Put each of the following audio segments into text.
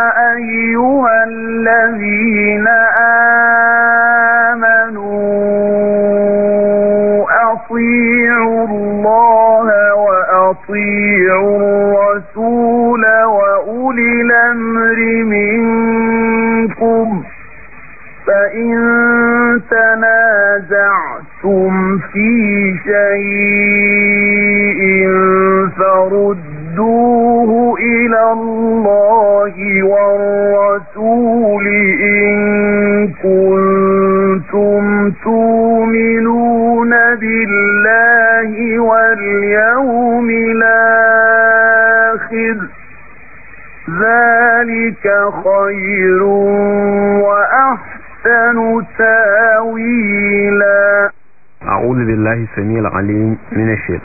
أيها الذين آمنوا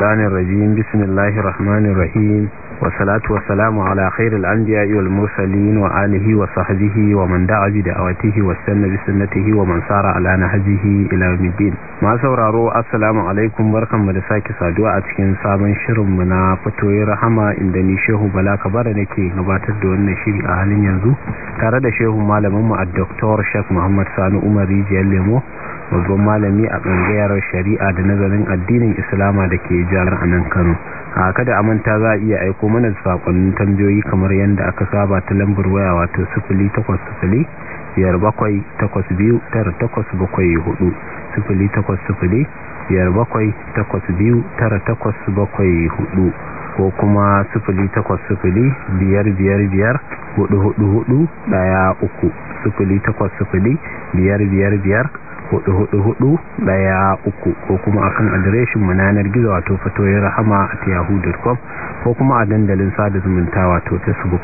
الشيطان الرجيم بسم الله الرحمن الرحيم والصلاة والسلام على خير الأنبياء والمرسلين وآله وصحبه ومن دعا بدعوته واستنى بسنته ومن سار على نهجه إلى يوم ما سورارو السلام عليكم da sake saduwa a cikin sabon shirinmu na fatoyi rahama inda ni Shehu Bala Kabara nake gabatar da wannan shiri a halin yanzu tare da Shehu malamin mu a Dr. Sheikh Muhammad Sani Umar Rijiyar Lemo babban malami a ɓangayar shari'a da nazarin addinin islama da ke jihar anan kano a kada a manta za a iya aiko mana sakonnin tambayoyi kamar yadda aka saba ta lambar waya wato 0800 biyar bakwai takwas biyu tara takwas bakwai hudu sifili takwas sifili biyar bakwai takwas biyu tara takwas bakwai hudu ko kuma sifili takwas sifili biyar biyar biyar hudu hudu hudu daya uku sifili takwas sifili biyar biyar biyar hudu-hudu-hudu daya uku ko kuma akan adireshin manayanar gizo wato fatoyin rahama a yahoo.com ko kuma a dandalin sada zumunta wato facebook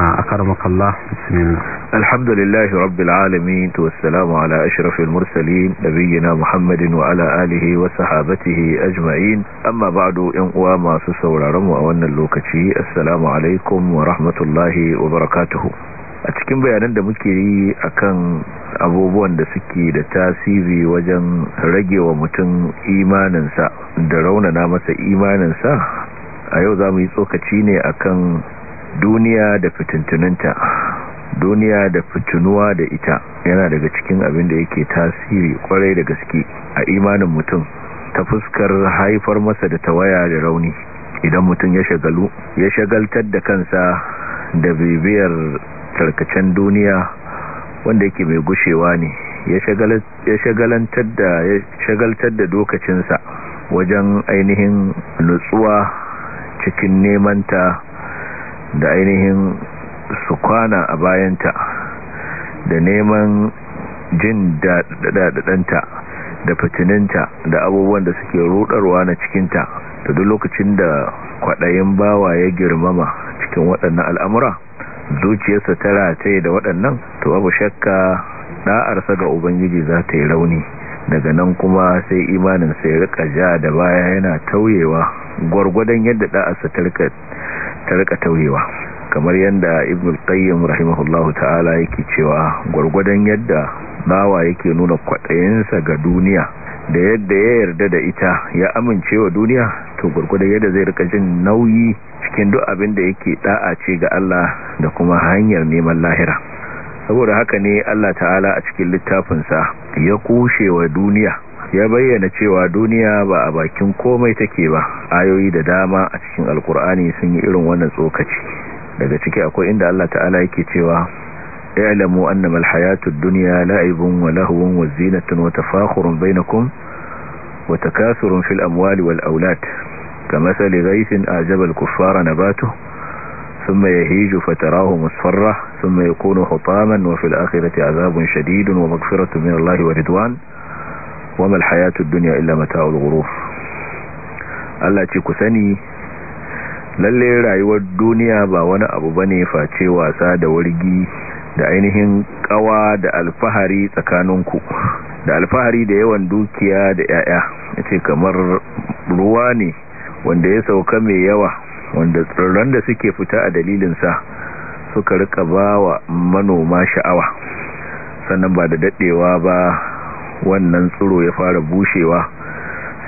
a akar makallah bismillah alhamdulillahi rabbil alamin to assalamu ala ashrafil mursalin nabiyina muhammadin wa ala alihi wa sahabatihi ajma'in amma ba'du yan uwa masu sauraron mu a wannan lokaci assalamu alaikum wa rahmatullahi wa barakatuhu. a cikin bayanan da muke yi akan abubuwan da suke da tasiri wajen ragewa mutum imaninsa da raunana masa imaninsa a yau za mu yi tsokaci ne akan duniya da fitintuninta duniya da fitunuwa da ita yana daga cikin abin da yake tasiri kwarai da gaske a imanin mutum ta fuskar haifar masa da tawaya da rauni idan mutum ya shagalu ya shagaltar da kansa da bibiyar tarkacen duniya wanda yake mai gushewa ne ya shagalantar da shagaltar da lokacinsa wajen ainihin nutsuwa cikin nemanta da ainihin su kwana a bayanta da neman jin daɗaɗɗanta da fitininta da abubuwan da suke rudarwa na cikinta da duk lokacin da kwaɗayin bawa ya girmama cikin waɗannan al'amura zuciyarsa ta rataye da waɗannan to abu shakka ɗa'arsa ga ubangiji za ta yi rauni daga nan kuma sai imanin sai rika ja da baya yana tauyewa gwargwadon yadda da'arsa ta rika tauyewa kamar yadda ibn qayyim rahimahullahu ta'ala yake cewa gwargwadon yadda bawa yake nuna kwaɗayinsa ga duniya da yadda ya yarda da ita ya amince wa duniya to da yadda zai rika jin nauyi cikin duk abin da yake da'a ce ga Allah da kuma hanyar neman lahira saboda haka ne Allah ta'ala a cikin littafinsa ya kushe wa duniya ya bayyana cewa duniya ba a bakin komai take ba ayoyi da dama a cikin alkur'ani sun yi irin wannan tsokaci daga ciki akwai inda Allah ta'ala yake cewa i'lamu annama alhayatud dunya la'ibun wa lahwun wa zinatun wa tafakhurun bainakum wa takathurun fil amwali wal aulad كمثل غيث أعجب الكفار نباته ثم يهيج فتراه مصفرة ثم يكون حطاما وفي الآخرة عذاب شديد ومغفرة من الله ورضوان وما الحياة الدنيا إلا متاع الغروف الله تكثني للي رأي والدنيا باوانا أبو بني فاتي واساد ورقي دعينهن قوى الفهري تكانونكو دع الفهري دعوان دوكيا دعا اتي كمر رواني wanda ya sauka mai yawa wanda tsirran da suke fita a dalilinsa suka rika ba wa manoma sha'awa sannan ba da daɗewa ba wannan tsiro ya fara bushewa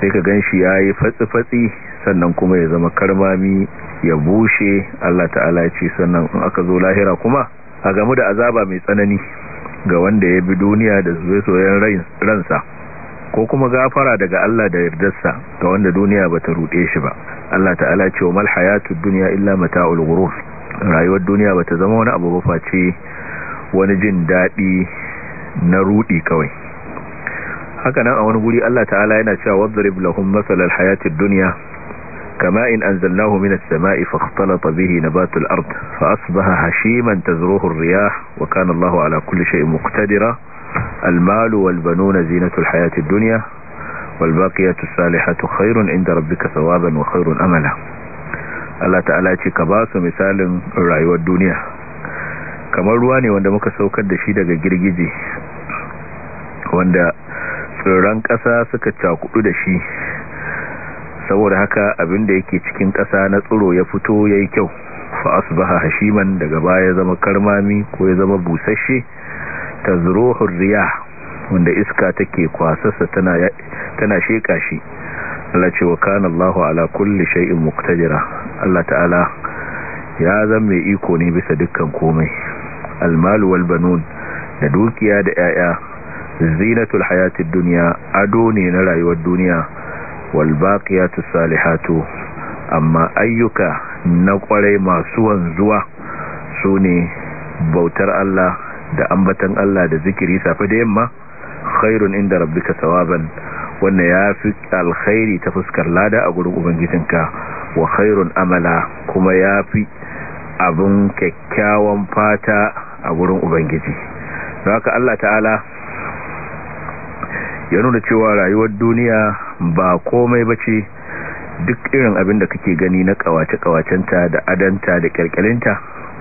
sai ka gan shi ya yi fatsi-fatsi sannan kuma ya zama karmami ya bushe Allah ta'ala ya ce sannan aka zo lahira kuma a gamu da azaba mai tsanani ga wanda ya bi duniya da soyayyen ransa ko kuma gafara daga Allah da yardarsa ga wanda duniya bata rude shi ba Allah ta'ala ce mal hayatud dunya illa mata'ul ghurur rayuwar duniya bata zama wani abu ba face wani jin dadi na rudi kawai haka nan a wani guri Allah ta'ala yana cewa wadrib lahum masalal hayatid dunya kama in anzalnahu minas sama'i fakhtalata bihi nabatul ard fa asbaha hashiman tazruhu ar-riyah wa kana Allahu ala kulli shay'in muqtadira almalu wal banuna duniya hayatid dunya wal baqiyatu salihatu khairun inda rabbika thawaban wa khairun amala Allah ta'ala ce ka ba su misalin rayuwar duniya kamar ruwa ne wanda muka saukar da shi daga girgije wanda tsirran ƙasa suka cakudu da shi saboda haka abin da yake cikin ƙasa na tsiro ya fito ya yi kyau fa asbaha hashiman daga baya ya zama karmami ko ya zama busasshe tazruhur riyah wanda iska take kwasarsa tana tana sheka shi Allah ce wa kana Allahu ala kulli shay'in muqtadira Allah ta'ala ya zan mai iko ne bisa dukkan komai almalu wal banun da dukiya da yaya zinatul hayatid dunya ado ne na rayuwar duniya wal baqiyatus salihatu amma ayyuka na kwarai masu wanzuwa sune bautar Allah da ambatan Allah da zikiri safe da yamma khairun inda rabbika thawaban wanda ya fi alkhairi ta fuskar lada a gurbin ubangijinka wa khairun amala kuma ya fi abin kyakkyawan fata a gurin ubangiji haka Allah ta'ala ya nuna cewa rayuwar duniya ba komai bace duk irin abin da kake gani na kawace-kawacenta da adanta da kyalkyalinta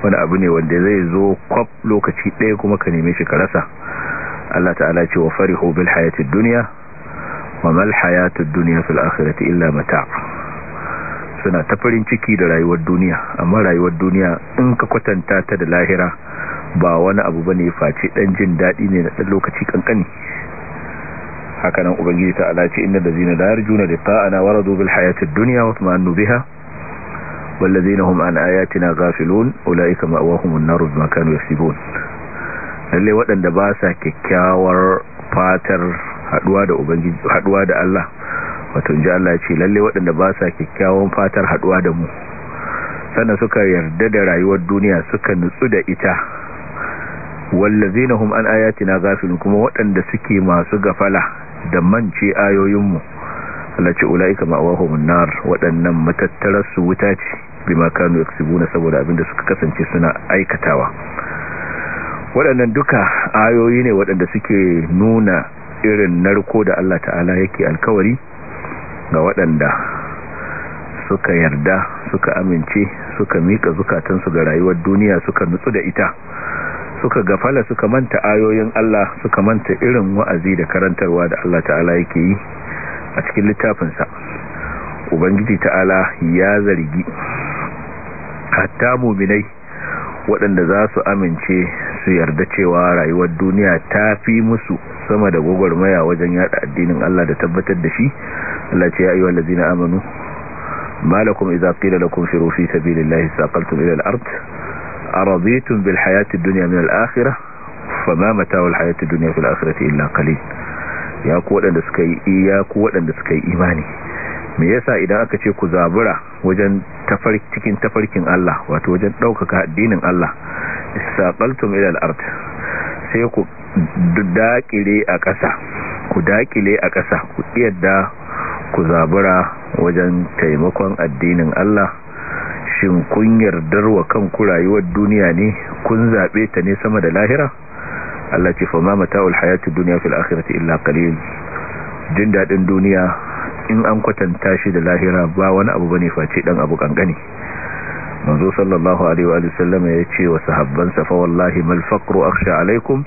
wani abu ne wanda zai zo kwab lokaci ɗaya kuma ka neme shi ka rasa Allah ta'ala ce wa farihu bil hayatid dunya wa mal hayatud dunya fil akhirati illa mata' suna ta farin ciki da rayuwar duniya amma rayuwar duniya in ka kwatanta ta da lahira ba wani abu bane face dan jin dadi ne na dan lokaci kankani hakanan ubangiji ta alaci inna allazina la yarjuna liqa'ana waradu bil hayatid dunya wa tuma'annu biha wallazina hum an ayatina ghafilun ulaika ma'awahumun nar bima kanu yaksibun lalle waɗanda ba sa kyakkyawar fatar haduwa da ubangiji haduwa da Allah wato inji Allah ce lalle waɗanda ba sa kyakkyawan fatar haduwa da mu sannan suka yarda da rayuwar duniya suka nutsu da ita wallazina hum an ayatina ghafilun kuma waɗanda suke masu gafala da mance ayoyinmu Allah ce ulaika ma'awahumun annar waɗannan matattarar su wuta ce bima kanu yaksubuna saboda abin da suka kasance suna aikatawa waɗannan duka ayoyi ne waɗanda suke nuna irin narko da Allah ta'ala yake alkawari ga waɗanda suka yarda suka amince suka mika zukatansu ga rayuwar duniya suka nutsu da ita suka gafala suka manta ayoyin Allah suka manta irin wa'azi da karantarwa da Allah ta'ala yake yi a cikin littafinsa ubangiji ta'ala ya zargi hatta muminai waɗanda za su amince su yarda cewa rayuwar duniya ta fi musu sama da gwagwarmaya wajen yada addinin Allah da tabbatar da shi Allah ce ya ayyuhal ladzina amanu iza idza qila lakum firu fi sabilillahi saqaltum ilal art ard araditum bil hayati duniya min al-akhirah fama mata'u al-hayati ad fil akhirati illa kalin. ya ku waɗanda suka yi iya ku waɗanda suka yi imani me yasa idan aka ce ku zabura wajen tafarkin cikin tafarkin Allah wato wajen ɗaukaka addinin Allah saqaltum ila al sai ku daƙile a ƙasa ku daƙile a ƙasa ku yadda ku zabura wajen taimakon addinin Allah shin kun yardar wa ku rayuwar duniya ne kun zaɓe ta ne sama da lahira Allah ce fa ma mata'ul hayatid dunya fil akhirati illa qalil jin dadin duniya in an kwatanta shi da lahira ba wani abu bane face dan abu kankani manzo sallallahu alaihi wa sallam ya ce wa sahabbansa fa wallahi mal faqru akhsha alaikum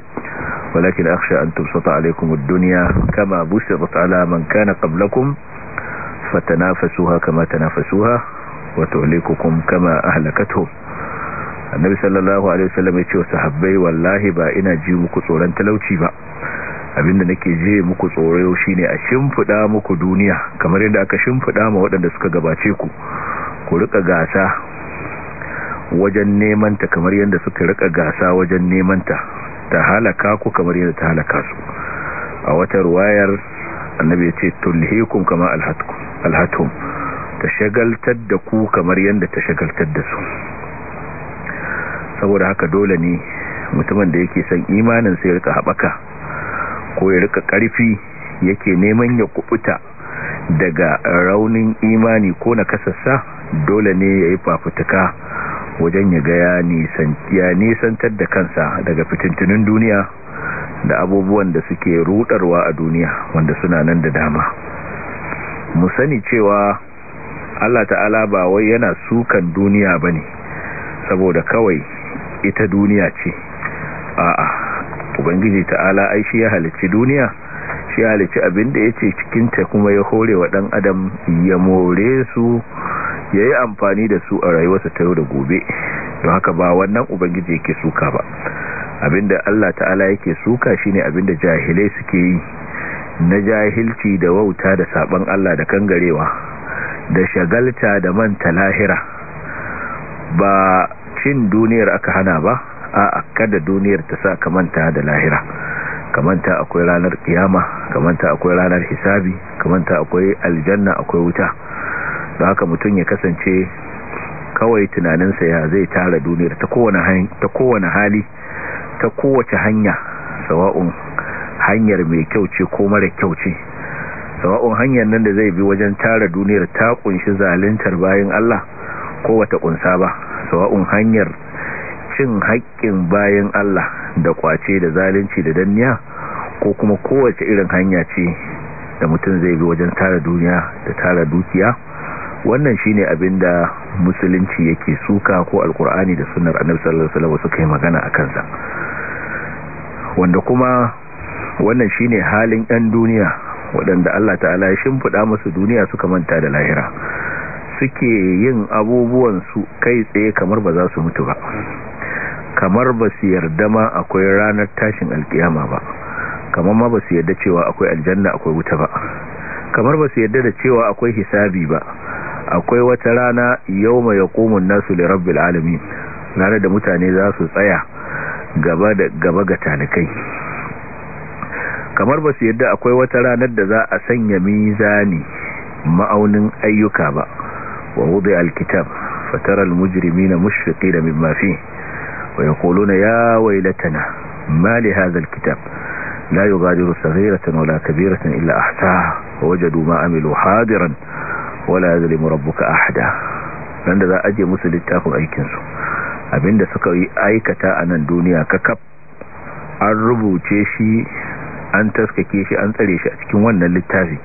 walakin akhsha an tubsata alaikum ad-dunya kama busitat ala man kana qablakum fatanafasuha kama tanafasuha wa tuhlikukum kama ahlakatuhum annabi sallallahu alaihi wasallam ya ce wa sahabbai wallahi ba ina ji muku tsoron talauci ba abinda nake ji muku tsoro shine a shimfida muku duniya kamar yadda aka shimfida ma waɗanda suka gabace ku ku rika gasa wajen neman ta kamar yadda suka rika gasa wajen neman ta ta halaka ku kamar yadda ta halaka su a wata ruwayar annabi ya ce tulhikum kama alhatum ta shagaltar da ku kamar yadda ta shagaltar da su saboda haka dole ne mutumin da yake son imanin sai rika haɓaka ko ya rika ƙarfi yake neman ya kuɓuta daga raunin imani ko na kasassa dole ne ya yi fafutuka wajen ya gaya ya nisantar da kansa daga fitintunin duniya da abubuwan da suke rudarwa a duniya wanda suna nan da dama mu sani cewa Allah ta'ala ba wai yana sukan duniya ba ne saboda kawai ita duniya ce a'a ubangiji ta'ala ai shi ya halicci duniya shi ya halicci abin da yace cikin ta kuma ya hore wa dan adam ya more su yayi amfani da su a rayuwarsa ta yau da gobe don haka ba wannan ubangiji yake suka ba abinda Allah ta'ala yake suka shine abinda jahilai suke yi na jahilci da wauta da saban Allah da kangarewa da shagalta da manta lahira ba shin duniyar aka hana ba a kada duniyar ta sa ka manta da lahira kamanta akwai ranar kiyama kamanta akwai ranar hisabi kamanta akwai aljanna akwai wuta da haka mutum ya kasance kawai tunaninsa ya zai tara duniyar ta kowane hali ta kowace hanya sawa'un hanyar mai kyau ce ko mara kyau ce sawa'un hanyar nan da zai bi wajen tara duniyar ta kunshi zaluntar bayan Allah kowace ƙunsa kunsa ba sawa'un hanyar cin haƙƙin bayan Allah da kwace da zalunci da danniya ko kuma kowace irin hanya ce da mutum zai bi wajen tara duniya da tara dukiya wannan shine abin da musulunci yake suka ko alkur'ani da sunar annabi sallallahu alaihi wasallam suka magana a kansa wanda kuma wannan shine halin ɗan duniya waɗanda Allah ta'ala ya shimfiɗa musu duniya suka manta da lahira suke yin abubuwansu kai tsaye kamar ba za su mutu ba kamar ba su yarda ma akwai ranar tashin alkiyama ba kamar ma ba su yarda cewa akwai aljanna akwai wuta ba kamar ba su yarda da cewa akwai hisabi ba akwai wata rana yau mai yaƙomun nasu da rabbil alami nare da mutane za su tsaya gaba da gaba ga talikai kamar ba su yadda akwai wata ranar da za a sanya mizani ma'aunin ayyuka ba ووضع الكتاب فترى المجرمين مشفقين مما فيه ويقولون يا ويلتنا ما لهذا الكتاب لا يغادر صغيرة ولا كبيرة إلا أحساها ووجدوا ما عملوا حاضرا ولا يظلم ربك أحدا nan da za a je musu littafin aikinsu abinda suka yi aikata a nan duniya kakaf an rubuce shi an taskake shi an tsare shi a cikin wannan littafi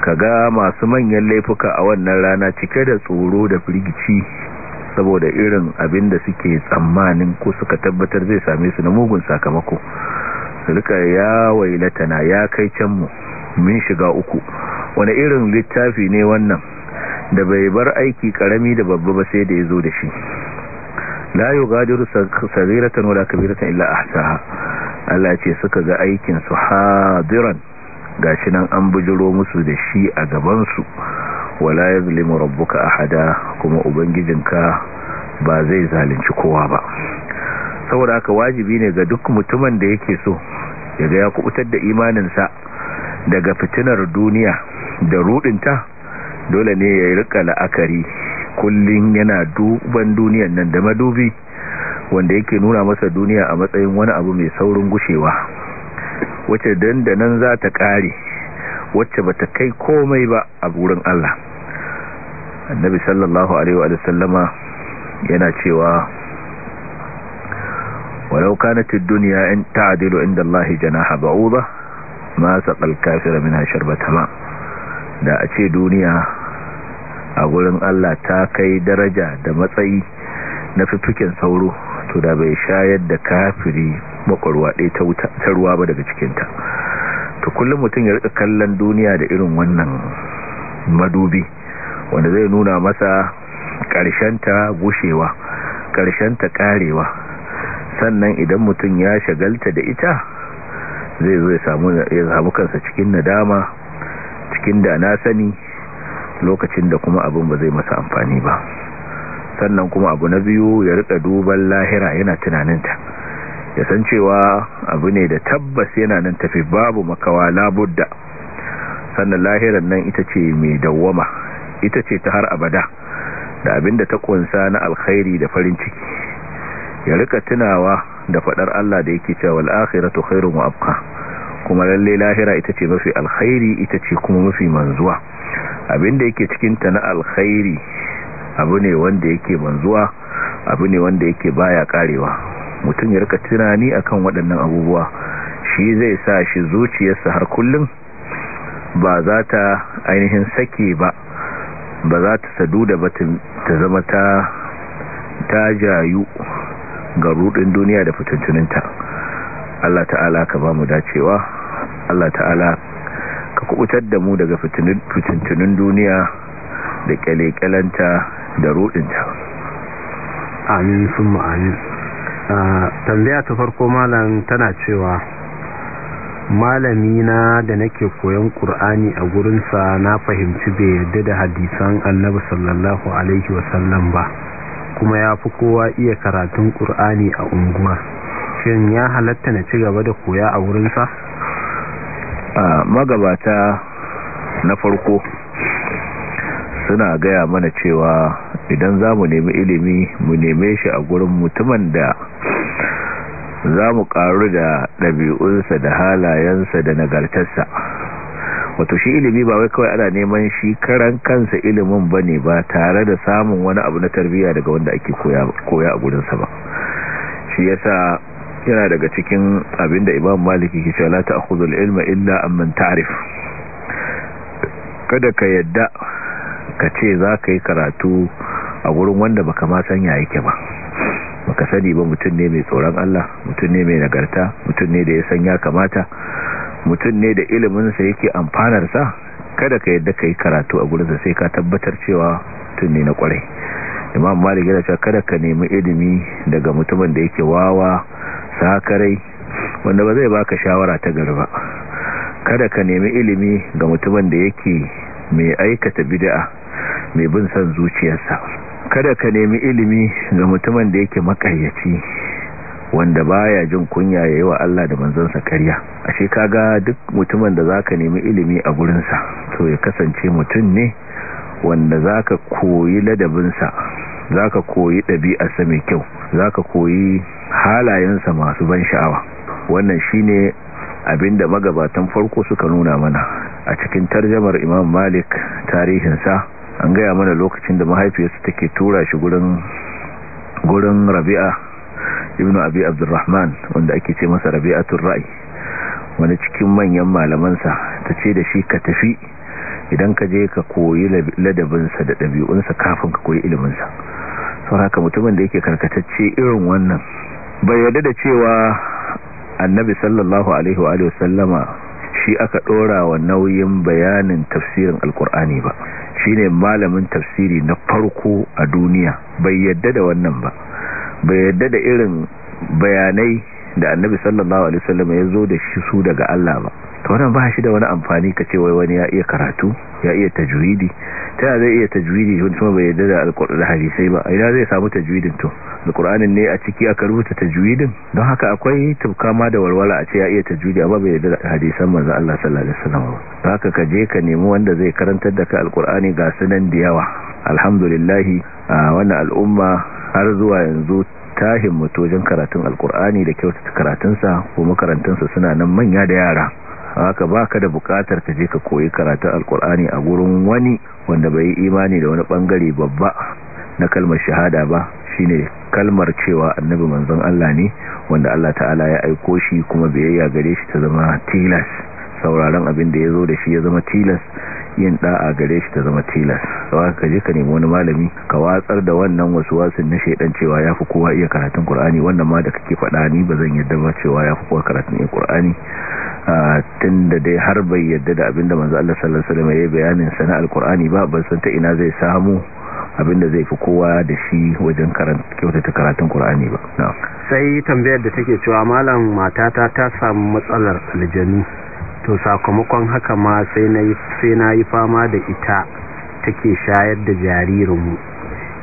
ka ga masu manyan laifuka a wannan rana cike da tsoro da firgici saboda irin abin da suke tsammanin ko suka tabbatar zai same su na mugun sakamako su rika ya wailatana ya kai canmu min shiga uku wani irin littafi ne wannan da bai bar aiki karami da babba ba sai da ya zo da shi la yugadiru sagiratan wala kabiratan illa ahsaha Allah ce suka ga aikin su hadiran ga shi nan an bujiro musu da shi a gabansu wala ya yazlimu rabbuka ahada kuma ubangijinka ba zai zalunci kowa ba saboda haka wajibi ne ga duk mutumin da yake so yaga ya kubutar da imaninsa daga fitinar duniya da rudinta dole ne ya rika la'akari kullum yana duban duniyar nan da madubi wanda yake nuna masa duniya a matsayin wani abu mai saurin gushewa wacce dandanan za ta ƙare wacce ba ta kai komai ba a burin Allah annabi sallallahu alaihi wa sallama yana cewa walau kanat ad-dunya in ta'dilu inda Allah janaha ba'udha ma saqal kafira minha sharbatama da a ce duniya a gurin Allah ta kai daraja da matsayi na fifikin sauro to da bai shayar da kafiri bakwarwa ɗaya ta ruwa ba daga cikinta ta kullum mutum ya rika kallon duniya da irin wannan madubi wanda zai nuna masa ta gushewa ta ƙarewa sannan idan mutum ya shagalta da ita zai zo ya samu kansa cikin nadama cikin da na sani lokacin da kuma abin ba zai masa amfani ba sannan kuma abu na biyu ya rika duban lahira yana tunaninta ya san cewa abu ne da tabbas yana nan tafi babu makawa labudda sannan lahirar nan ita ce mai dawwama ita ce ta har abada da abinda ta kunsa na alkhairi da farin ciki ya rika tunawa da fadar Allah da yake cewa al-akhiratu khairun wa abqa kuma lalle lahira ita ce mafi alkhairi ita ce kuma mafi manzuwa abinda yake cikin ta na alkhairi abu ne wanda yake manzuwa abu ne wanda yake baya karewa mutum ya rika tunani akan waɗannan abubuwa shi zai sa shi zuciyarsa har kullum ba za ta ainihin sake ba ba za ta sadu da batun ta zama ta ta jayu ga rudin duniya da fitintuninta Allah ta'ala ka ba mu dacewa Allah ta'ala ka kubutar da mu daga fitintunin duniya da kyalekyalanta da rudinta amin sun ma'amin tambaya ta farko malam tana cewa malami na da nake koyon ƙur'ani a gurinsa na fahimci bai yadda da hadisan annabi sallallahu alaihi wasallam ba kuma ya fi kowa iya karatun ƙur'ani a unguwa shin ya halatta na ci gaba da koya a wurinsa? magabata na farko suna gaya mana cewa idan za mu nemi ilimi mu neme shi a gurin mutumin da za mu karu da ɗabi'unsa da halayensa da nagartarsa wato shi ilimi ba wai kawai ana neman shi karan kansa ilimin ba ne ba tare da samun wani abu na tarbiyya daga wanda ake koya a gurinsa ba shi yasa yana daga cikin abinda imam maliki ke cewa la ta'khudhu al-ilma illa amman ta'rif kada ka yadda ka ce za ka yi karatu a wurin wanda baka ma ya yake ba baka sani ba mutum ne mai tsoron Allah mutum ne mai nagarta mutum ne da ya san ya kamata mutum ne da iliminsa yake amfanarsa kada ka yadda ka yi karatu a gurinsa sai ka tabbatar cewa mutum ne na kwarai imam malik yana cewa kada ka nemi ilimi daga mutumin da yake wawa sakarai wanda ba zai baka shawara ta gari ba kada ka nemi ilimi ga mutumin da yake mai aikata bid'a mai bin san zuciyarsa kada ka nemi ilimi ga mutumin da yake makaryaci wanda baya jin kunya yayi wa Allah da manzansa karya ashe kaga duk mutumin da za ka nemi ilimi a gurinsa to ya kasance mutum ne wanda zaka koyi ladabinsa zaka koyi sa mai kyau zaka koyi halayensa masu ban sha'awa wannan shine abinda magabatan farko suka nuna mana a cikin tarjamar Imam Malik tarihinsa an gaya mana lokacin da mahaifiyarsa take tura shi gurin gurin rabi'a ibn abi abdurrahman wanda ake ce masa rabi'atul ra'i wani cikin manyan malamansa ta ce da shi ka tafi idan ka je ka koyi ladabinsa da ɗabi'unsa kafin ka koyi iliminsa sau haka mutumin da yake karkatacce irin wannan bai yarda da cewa annabi sallallahu alaihi wa sallama shi aka ɗora wa nauyin bayanin tafsirin alkur'ani ba shine malamin tafsiri na farko a duniya bai yadda da wannan ba bai yadda da irin bayanai da annabi sallallahu alaihi wasallam ya zo da shi su daga Allah ba wannan ba shi da wani amfani ka ce wai wani ya iya karatu ya iya tajwidi ta zai iya tajwidi wani kuma bai yarda da da hadisai ba ina zai samu tajwidin to alkur'anin ne a ciki aka rubuta tajwidin don haka akwai tubkama da walwala a ce ya iya tajwidi amma bai yarda da hadisan manzo Allah sallallahu alaihi wasallam ba haka ka je ka nemi wanda zai karantar da ka alkur'ani ga sunan da yawa alhamdulillah wannan al'umma har zuwa yanzu tahin mutojin karatun alkur'ani da kyautata karatunsa ko makarantunsa suna nan manya da yara haka ka da bukatar ka je ka koyi karatu alkur'ani a gurin wani wanda bai yi imani da wani bangare babba na kalmar shahada ba shine kalmar cewa annabi manzon Allah ne wanda Allah ta'ala ya aiko shi kuma biyayya gare shi ta zama tilas sauraron abin da ya zo da shi ya zama tilas yin da'a gare shi ta zama tilas sawa ka je ka nemi wani malami ka watsar da wannan wasu wasin na shaidan cewa ya fi kowa iya karatun kur'ani wannan ma da kake faɗa ni ba zan yadda ba cewa ya fi kowa karatun kur'ani tun da dai har bai yadda da abin da manzo Allah sallallahu alaihi wasallam ya bayanin sana alkur'ani ba ban san ta ina zai samu abinda zai fi kowa da shi wajen kyautata karatun kur'ani ba sai tambayar da take cewa malam matata ta samu matsalar aljanu to sakamakon haka ma sai na yi fama da ita take shayar da jaririnmu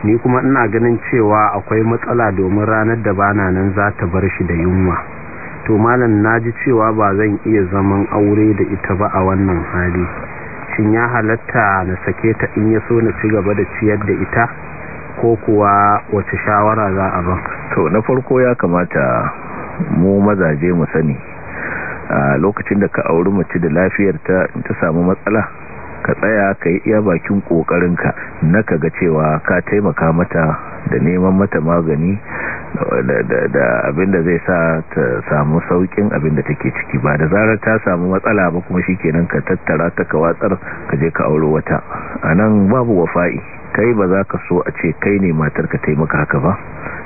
ni kuma ina ganin cewa akwai matsala domin ranar da bana nan za ta bar shi da yunwa to malam na ji cewa ba zan iya zaman aure da ita ba a wannan hali shin ya halatta na sake ta in ya so na ci gaba da ciyar da ita ko kuwa wace shawara za a ba to na farko ya kamata mu mazaje mu sani a lokacin da ka auri mace da lafiyar ta ta samu matsala ka tsaya ka yi iya bakin ka na ka ga cewa ka taimaka mata da neman mata magani da abin da zai sa ta samu saukin abin da take ciki ba da zarar ta samu matsala ba kuma shi shikenan ka tattara ta ka watsar ka je ka auri wata anan babu wafa'i kai ba za ka so a ce kai ne matar matarka taimaka haka ba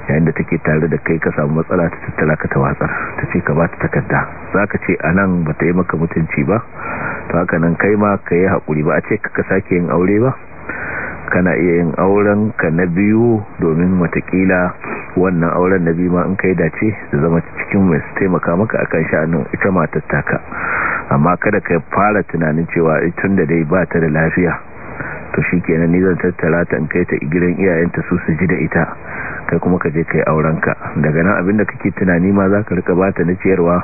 yayin da take tare da kai ka samu matsala ta tattala ka ta watsar ta ce ka ba ta takarda za ka ce a nan ba ta yi maka mutunci ba to haka nan kai ma ka yi haƙuri ba a ce ka sake yin aure ba kana iya yin auren ka na biyu domin matakila wannan auren na biyu ma in kai dace da zama cikin mai su taimaka maka akan sha'anin ita matar amma kada ka fara tunanin cewa eh, tun da dai ba ta da lafiya to shi kenan ni zan tattara ta in kai ta gidan iyayenta su su ji da ita kai kuma ka je kai aurenka daga nan abinda kake tunani ma za ka rika bata na ciyarwa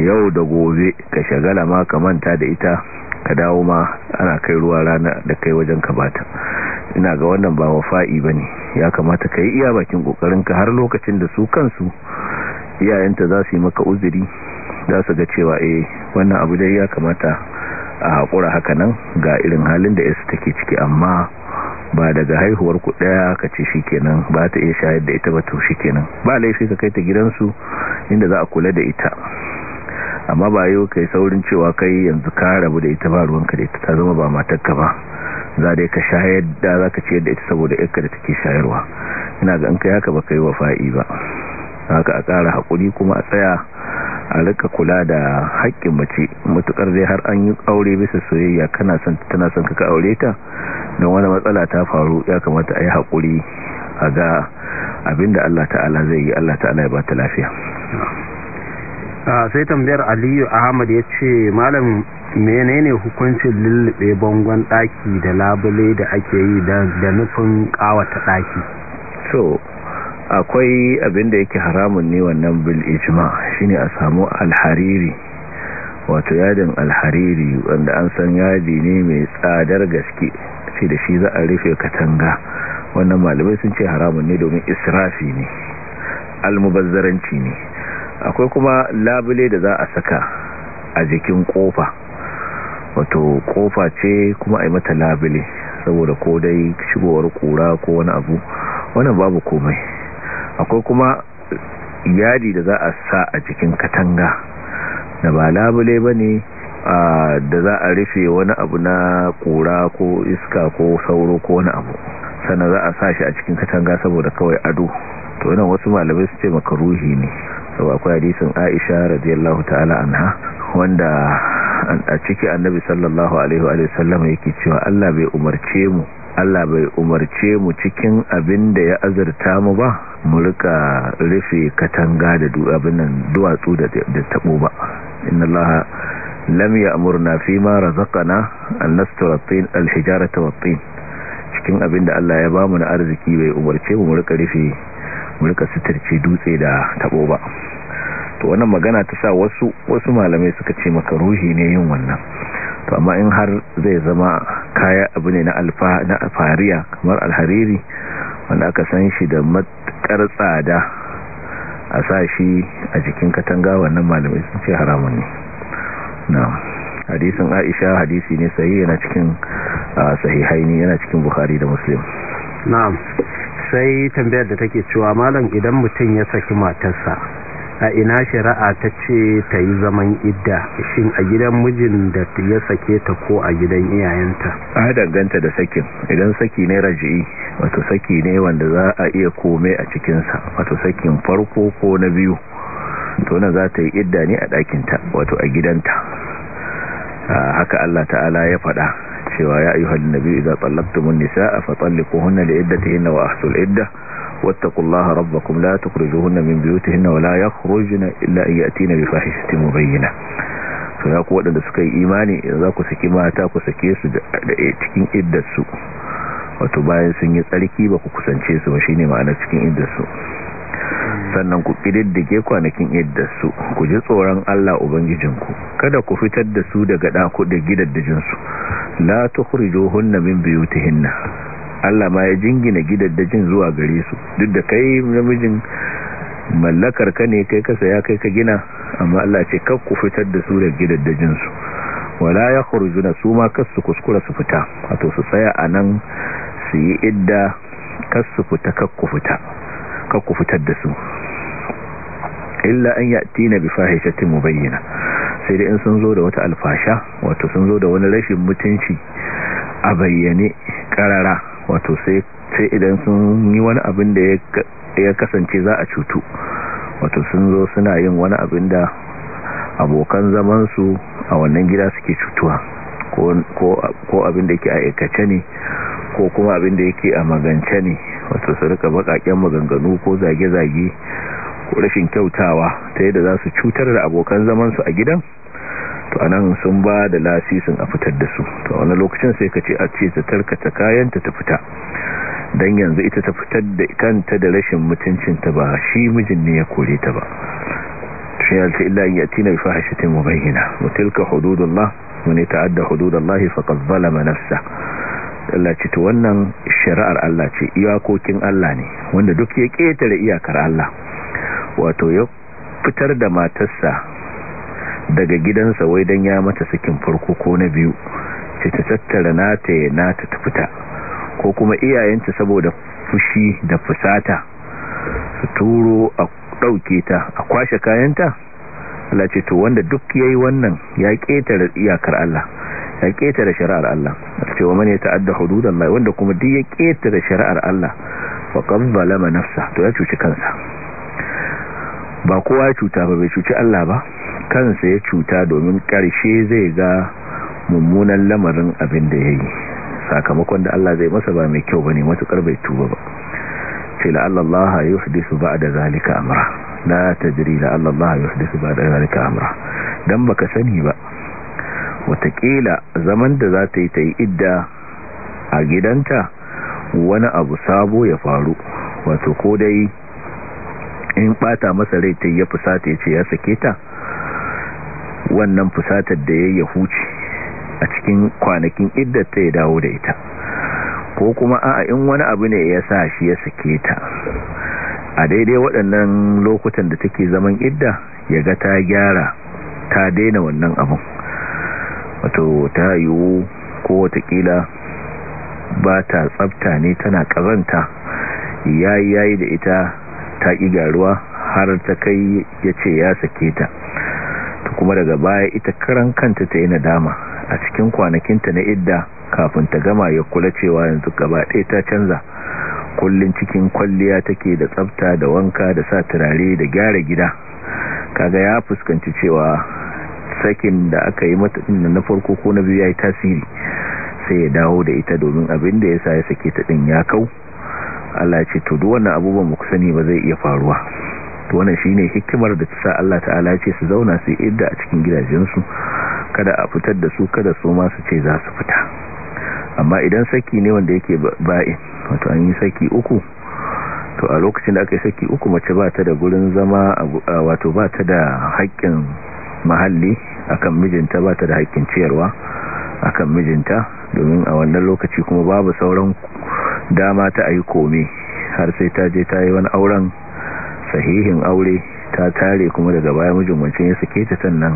yau da gobe ka shagala ma ka manta da ita ka dawo ma ana kai ruwa rana da kai wajen ka bata ina ga wannan ba wafa'i bane ya kamata ka yi iya bakin kokarin ka har lokacin da su kansu iyayenta za su yi maka uzuri za su ga cewa eh wannan abu dai ya kamata a haƙura hakanan ga irin halin da yasu take ciki amma ba daga haihuwar ku daya ka ce kenan ba ta iya shayar da ita ba to shi kenan ba laifi ka kai ta gidansu inda za a kula da ita amma ba yau kai saurin cewa kai yanzu ka rabu da ita ba ruwanka da ita ta zama ba matarka ba za dai ka shayar da za ka ciyar da ita saboda yarka da take shayarwa ina ga an kai haka ba kai wafa'i ba haka a ƙara haƙuri kuma a tsaya a rika kula da haƙƙin mace mutukar zai har an yi aure bisa soyayya kana son tana son ka aure ta don wani matsala ta faru ya kamata a yi haƙuri a ga abinda Allah ta'ala zai yi Allah ta'ala ya ba ta lafiya sai tambayar aliyu ahmad ya ce malam menene hukuncin lullube bangon ɗaki da labule da ake yi da nufin ƙawata ɗaki so akwai abinda yake haramun ne wannan bil ijma shine a samu alhariri wato yadin alhariri wanda an san yadi ne mai tsadar gaske ce da shi za a rufe katanga wannan malamai sun ce haramun ne domin israfi ne almubazzaranci ne akwai kuma labule da za a saka a jikin kofa wato kofa ce kuma a yi mata labule saboda ko dai shigowar kura ko wani abu wannan babu komai akwai kuma yadi da za a sa a cikin katanga da ba labule ba ne da za a rufe wani abu na kura ko iska ko sauro ko wani abu sannan za a sa shi a cikin katanga saboda kawai ado to yana wasu malamai su ce makaruhi ne sau akwai hadisin aisha radiyallahu ta'ala anha wanda a ciki annabi sallallahu alaihi wa sallam yake cewa Allah bai umarce mu Allah bai umarce mu cikin abin da ya azurta mu ba mulka rufe katanga da abin nan duwatsu da tabo ba inna allaha lam ya'murna fi ma razaqana an nastura tin alhijarata wa tin cikin abin da Allah ya bamu na arziki bai umarce mu rika rufe mulka sitirce dutse da tabo ba to wannan magana ta sa wasu wasu malamai suka ce maka ruhi ne yin wannan to amma in har zai zama kaya abu ne na alfa na afariya kamar alhariri wanda aka san shi da matkar tsada a sa shi a jikin katanga wannan malamai sun ce haramun ne na hadisun aisha hadisi ne sahi yana cikin sahihaini yana cikin bukhari da muslim na sai tambayar da take cewa malam idan mutum ya saki matarsa a ina shari'a ta ce ta yi zaman idda shin a gidan mijin da ya sake ta ko a gidan iyayenta a danganta da sakin idan saki ne raji'i wato saki ne wanda za a iya kome a cikinsa wato sakin farko ko na biyu to na za ta yi idda ne a ɗakinta wato a gidanta haka Allah ta'ala ya faɗa cewa ya ayyuhan nabi idza tallaqtumun nisaa fa talliquhunna li iddatihinna wa ahsul idda واتقوا الله ربكم لا تخرجوهن من بيوتهن ولا يخرجن إلا أن يأتين بفاحشة مبينة ya ku waɗanda suka yi imani za ku saki mata ku sake su da eh, cikin iddarsu wato bayan sun yi tsarki ba ku kusance su ba shi ne ma'anar cikin iddarsu sannan ku ƙididdige kwanakin iddarsu ku ji tsoron Allah Ubangijinku kada ku fitar da su daga ɗaku da gidaddajinsu la tukhrijuhunna min buyutihinna Allah ma ya jingina gidaddajin zuwa gare su duk da kai namijin mallakar ka ne kai kasa ya kai ka gina amma Allah ce kar ku fitar da su daga gidaddajin su wala ya khurujuna su ma kuskura su fita wato su tsaya anan su yi idda kasu fita kar ku fita kar ku fitar da su illa an yatina bi fahishatin mubayyana sai dai in sun zo da wata alfasha wato sun zo da wani rashin mutunci a bayyane karara wato sai idan sun yi wani abin da ya kasance za a cutu wato sun zo suna yin wani abin da abokan zamansu a wannan gida suke cutuwa ko abin da yake a aikace ne ko kuma abin da yake a magance ne wato su rika bakaken maganganu ko zage-zage ko rashin kyautawa ta yadda za su cutar da abokan zamansu a gidan to anan sun ba da lasisin a fitar da su to wani lokacin sai ka ce a ce ta tarkata kayanta ta fita don yanzu ita ta fitar da kanta da rashin mutuncinta ba shi mijin ne ya kore ta ba shi ya ce illa ya tina bifa hashitin mubayyana mutilka hududullah wani ta'adda hududullahi faqad zalama nafsa Allah ce to wannan shari'ar Allah ce iyakokin Allah ne wanda duk ya ketare iyakar Allah wato ya fitar da matarsa daga gidansa wai dan ya mata sakin farko ko na biyu ce ta tattara nata ya nata ta fita ko kuma iyayenta saboda fushi da fusata su turo a ɗauke ta a kwashe kayanta Allah ce to wanda duk yayi wannan ya ƙetare iyakar Allah ya ƙetare shari'ar Allah ce wa man ya ta'adda hududallahi wanda kuma duk ya ƙetare shari'ar Allah faqad zalama nafsa to ya cuci kansa ba kowa ya cuta ba bai cuci Allah ba kansa ya cuta domin ƙarshe zai ga mummunan lamarin abin da ya yi sakamakon da Allah zai masa ba mai kyau ba ne matukar bai tuba ba sai la Allah ba da zalika amra la tadri la Allah ba da zalika amra ba ka sani ba watakila zaman da za ta yi ta yi idda a gidanta wani abu sabo ya faru wato ko dai in bata masa rai ta ya fusata ya ce ya sake ta wannan fusatar da ya huce a cikin kwanakin iddar ta ya dawo da ita ko kuma a in wani abu ne ya sa shi ya sake ta a daidai waɗannan lokutan da take zaman idda ya ga ta gyara ta daina wannan abin wato ta yiwu ko watakila ba ta tsabta ne tana ƙazanta ya yi da ita ta ƙi garuwa har ta kai ya ce ya sake ta kuma daga baya ita karan kanta ta yi nadama a cikin kwanakinta na idda kafin ta gama ya kula cewa yanzu gaba ɗaya ta canza kullun cikin kwalliya take da tsafta da wanka da sa turare da gyara gida kaga ya fuskanci cewa sakin da aka yi mata na farko ko na biyu ya yi tasiri sai ya dawo da ita domin abin da ya sa ya sake ta ɗin ya kau Allah ce to duk wannan abubuwan mu sani ba zai iya faruwa to wannan shine hikimar da ta Allah ta'ala ce su zauna su idda a cikin gidajensu kada a fitar da su kada su ma su ce za su fita amma idan saki ne wanda yake ba'i wato an yi saki uku to a lokacin da aka yi saki uku mace ba ta da gurin zama wato ba ta da haƙƙin mahalli akan mijinta ba ta da haƙƙin ciyarwa akan mijinta domin a wannan lokaci kuma babu sauran dama ta ayi kome har sai ta je ta yi wani auren sahihin aure ta tare kuma daga baya mijin wancan ya sake ta sannan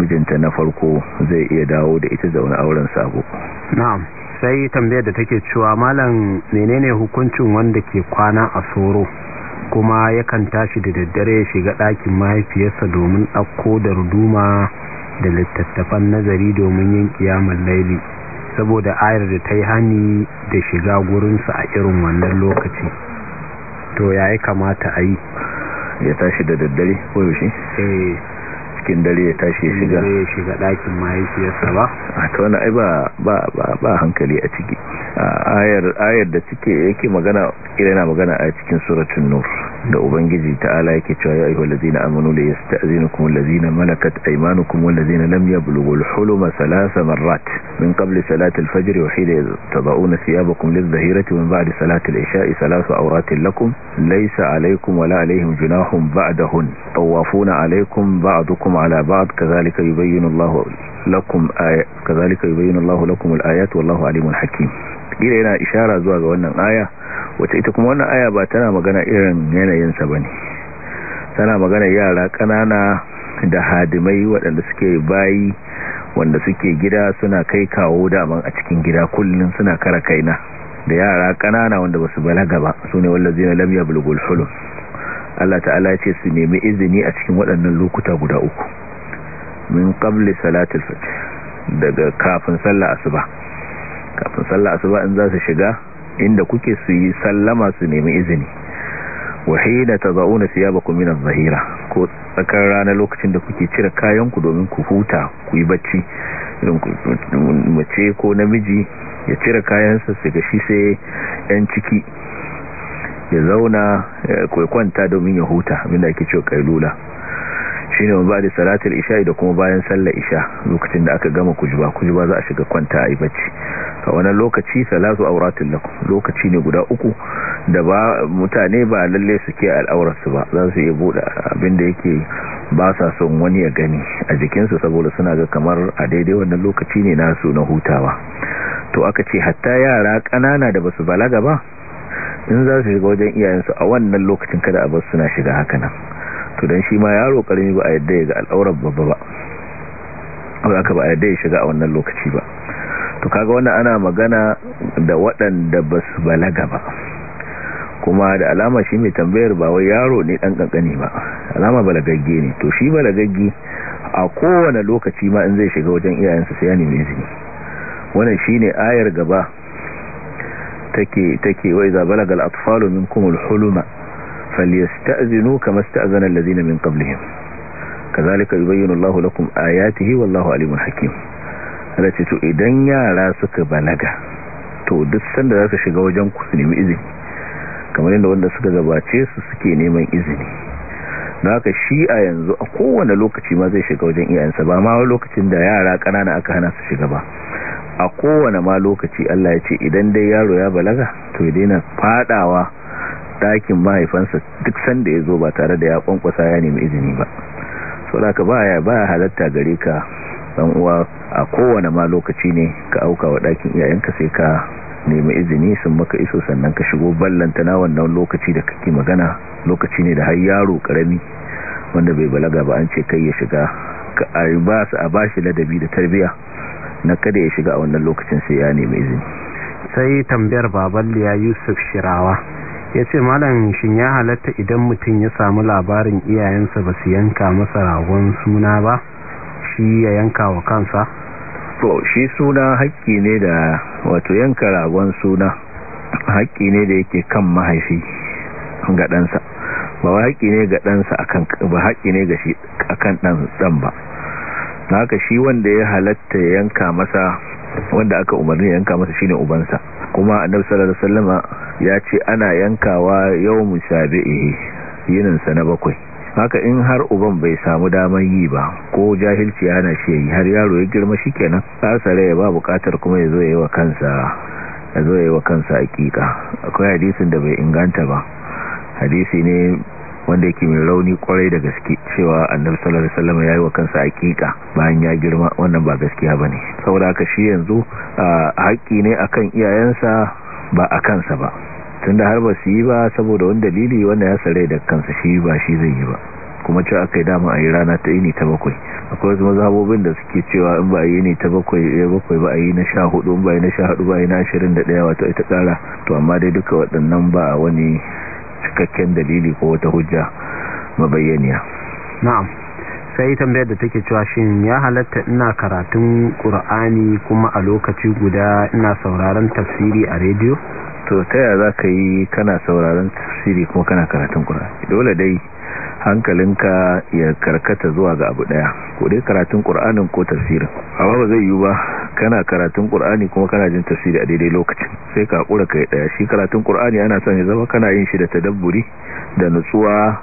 mijinta na farko zai iya dawo da ita zaune auren sabo na'am sai tambayar da take cewa malam menene hukuncin wanda ke kwana a soro kuma yakan tashi da daddare shiga ɗakin mahaifiyarsa domin ɗauko da ruduma da littattafan nazari domin yin kiyamar laili saboda ayar da ta yi hani da shiga gurinsa a irin wannan lokaci to yi kamata a yi ya tashi da daddare ko yaushe eh. cikin dare ya tashi ya shiga ya shiga ɗakin mahaifiyarsa ba a ta wani ba ba hankali a ciki ayar da cike yake magana irina magana a cikin suratun nufu da ubangiji ta'ala yake cewa ya ayyuhal ladzina amanu la yasta'zinukum allazina malakat aymanukum wallazina lam yablughul huluma thalatha marrat min qabli salati al-fajr wa hina tad'una thiyabakum lidh-dhahirati min ba'di salati al-isha'i thalatha awratin lakum laysa alaykum wala alayhim junahun ba'dahun tawafuna alaykum ba'dukum ala ba'd kadhalika yubayyinu Allahu lakum ayat kadhalika yubayyinu Allahu lakum al-ayat wallahu alimun hakim kila yana ishara zuwa ga wannan aya wacce ita kuma wannan aya ba tana magana irin yana yanayinsa ba ne tana maganar yara kanana da hadimai waɗanda suke bayi wanda suke gida suna kai kawo daman a cikin gida kullum suna kara kaina da yara ƙanana wanda ba su balaga ba su ne wallazi na lamya bulgul hulun Allah ta'ala ya ce su nemi izini a cikin waɗannan lokuta guda uku min qabli salatul fajr daga kafin sallar asuba kafin sallar asuba in za su shiga inda kuke su yi sallama su nemi izini wahina ta za'una siyabakum min minan zahira ko tsakar rana lokacin da kuke cire kayan ku domin ku huta ku yi bacci mace ko namiji ya cire kayansa su gashi sai yan ciki ya zauna ya kwanta domin ya huta abinda ake cewa kailula shine ba da salatul isha da kuma bayan sallar isha lokacin da aka gama kujuba kujuba za a shiga kwanta a yi bacci a wannan lokaci salatu auratul lakum lokaci ne guda uku da ba mutane ba lalle suke al'awarsu ba za su iya bude abinda da yake ba sa son wani ya gani a jikinsu saboda suna ga kamar a daidai wannan lokaci ne nasu na hutawa to aka ce hatta yara kanana da basu balaga ba in za su shiga wajen iyayensu a wannan lokacin kada a bar suna shiga haka nan to dan shi ma yaro karami ba a yadda ya ga al'aurar babba ba ba aka ba a yadda ya shiga a wannan lokaci ba to kaga wannan ana magana da waɗanda ba su balaga ba kuma da alama shi mai tambayar ba wai yaro ne dan kankani ba alama balagagge ne to shi balagagge a kowane lokaci ma in zai shiga wajen iyayen iyayensa sai ya nemi izini wannan shine ayar gaba take take wai za balagal atfalu minkum huluma falyasta'zinu kama sta'zana allazina min qablihim kazalika yubayyinu Allahu lakum ayatihi wallahu alimun hakim Allah to idan yara suka balaga to duk sanda za su shiga wajen ku su nemi izini kamar yadda wanda suka gabace su suke neman izini da haka shi a yanzu a kowane lokaci ma zai shiga wajen iyayensa ba ma lokacin da yara ƙanana aka hana su shiga ba a kowane ma lokaci Allah ya ce idan dai yaro ya balaga to ya daina faɗawa. dakin mahaifansa duk sanda ya zo ba tare da ya kwankwasa ya nemi izini ba so da ka baya baya halatta gare ka dan uwa a kowane ma lokaci ne ka auka wa ɗakin iyayenka sai ka nemi izini sun maka iso sannan ka shigo na wannan lokaci da kake magana lokaci ne da har yaro karami wanda bai balaga ba an ce kai ya shiga ka a ba su a bashi ladabi da tarbiya na kada ya shiga a wannan lokacin sai ya nemi izini sai tambayar baban ya yusuf shirawa ya ce malam shin ya halatta idan mutum ya samu labarin iyayensa ba su yanka masa ragon suna ba shi ya yanka wa kansa to shi suna haƙƙi ne da wato yanka ragon suna haƙƙi ne da yake kan mahaifi ga ɗansa ba haƙƙi ne ga ɗansa ba haƙƙi ne ga shi akan ɗan ɗan ba haka shi wanda ya halatta yanka masa wanda aka umarni yanka masa shine ubansa kuma annabi sallallahu alaihi ya ce ana yankawa yawmun sabi'i yinin sa na bakwai haka in har uban bai samu damar yi ba ko jahilci yana shi yi har yaro ya girma shi shikenan kasare ya ba bukatar kuma ya zo ya yi wa kansa ya zo ya yi wa kansa hakika akwai hadisin da bai inganta ba hadisi ne wanda yake mai rauni kwarai da gaske cewa annabi sallallahu alaihi wasallam yayi wa kansa hakika bayan ya girma wannan ba gaskiya bane saboda haka shi yanzu haƙi ne akan iyayensa ba a kansa ba tunda har ba su yi ba saboda wani dalili wanda ya sare da kansa shi ba shi zai yi ba kuma cewa aka yi dama a yi rana ta yini ta bakwai akwai wasu mazhabobin da suke cewa in ba yi ne ta bakwai ya eh, bakwai ba a yi na sha hudu in ba a yi na sha hudu ba a yi na ashirin da daya wato ita kara to amma dai duka waɗannan ba wani cikakken dalili ko wata hujja mabayyaniya na'am sai tambayar da take cewa shin ya halatta ina karatun qur'ani kuma a lokaci guda ina sauraron tafsiri a rediyo to ta yaya za ka yi kana sauraron tafsiri kuma kana karatun qur'ani dole dai hankalinka ya karkata zuwa ga abu daya ko dai karatun qur'anin ko tafsirin amma ba zai yi ba kana karatun qur'ani kuma kana jin tafsiri a daidai lokacin sai ka kura kai daya shi karatun qur'ani ana son ya zama kana yin shi da tadabburi da nutsuwa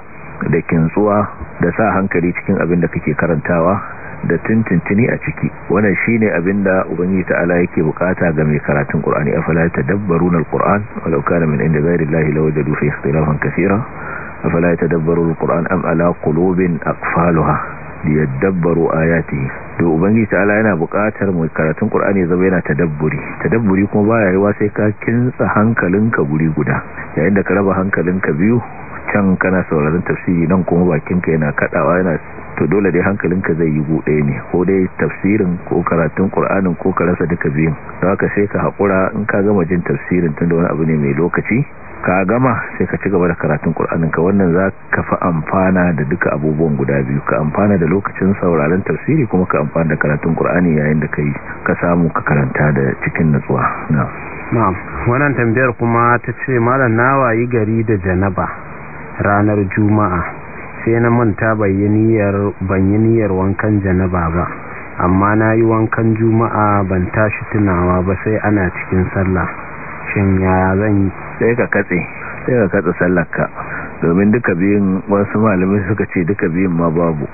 da kintsuwa da sa hankali cikin abin da kake karantawa da tintintini a ciki wannan shine abinda ubangiji ta'ala yake bukata ga mai karatun qur'ani afala tadabbaruna alquran walau kana min inda ghayri allahi lawajadu fi ikhtilafan kaseera afala yatadabbaru alquran am ala qulubin aqfalha liyadabbaru ayatihi to ta ta'ala yana buƙatar mu karatun qur'ani zama yana tadabburi tadabburi kuma baya yiwa sai ka kintsa hankalinka guri guda yayin da ka raba hankalinka biyu can kana sauraron tafsiri nan kuma bakinka yana kadawa yana to dole dai hankalinka zai yi buɗe ne ko dai tafsirin ko karatun qur'anin ko karasa duka biyun don ka sai ka haƙura in ka gama jin tafsirin tunda wani abu ne mai lokaci ka gama sai ka ci gaba da karatun ƙur'aninka wannan za ka fi amfana da duka abubuwan guda biyu ka amfana da lokacin sauraron tafsiri kuma ka amfana da karatun ƙur'ani yayin da kai ka samu ka karanta da cikin natsuwa na'am wannan tambayar kuma ta ce malam na wayi gari da janaba ranar juma'a sai na manta bayyaniyar niyyar wankan janaba ba amma na yi wankan juma'a ban tashi tunawa ba sai ana cikin sallah shin ya zan yi sai ka katse sai ka katse sallarka domin duka biyun wasu malamai suka ce duka biyun ma babu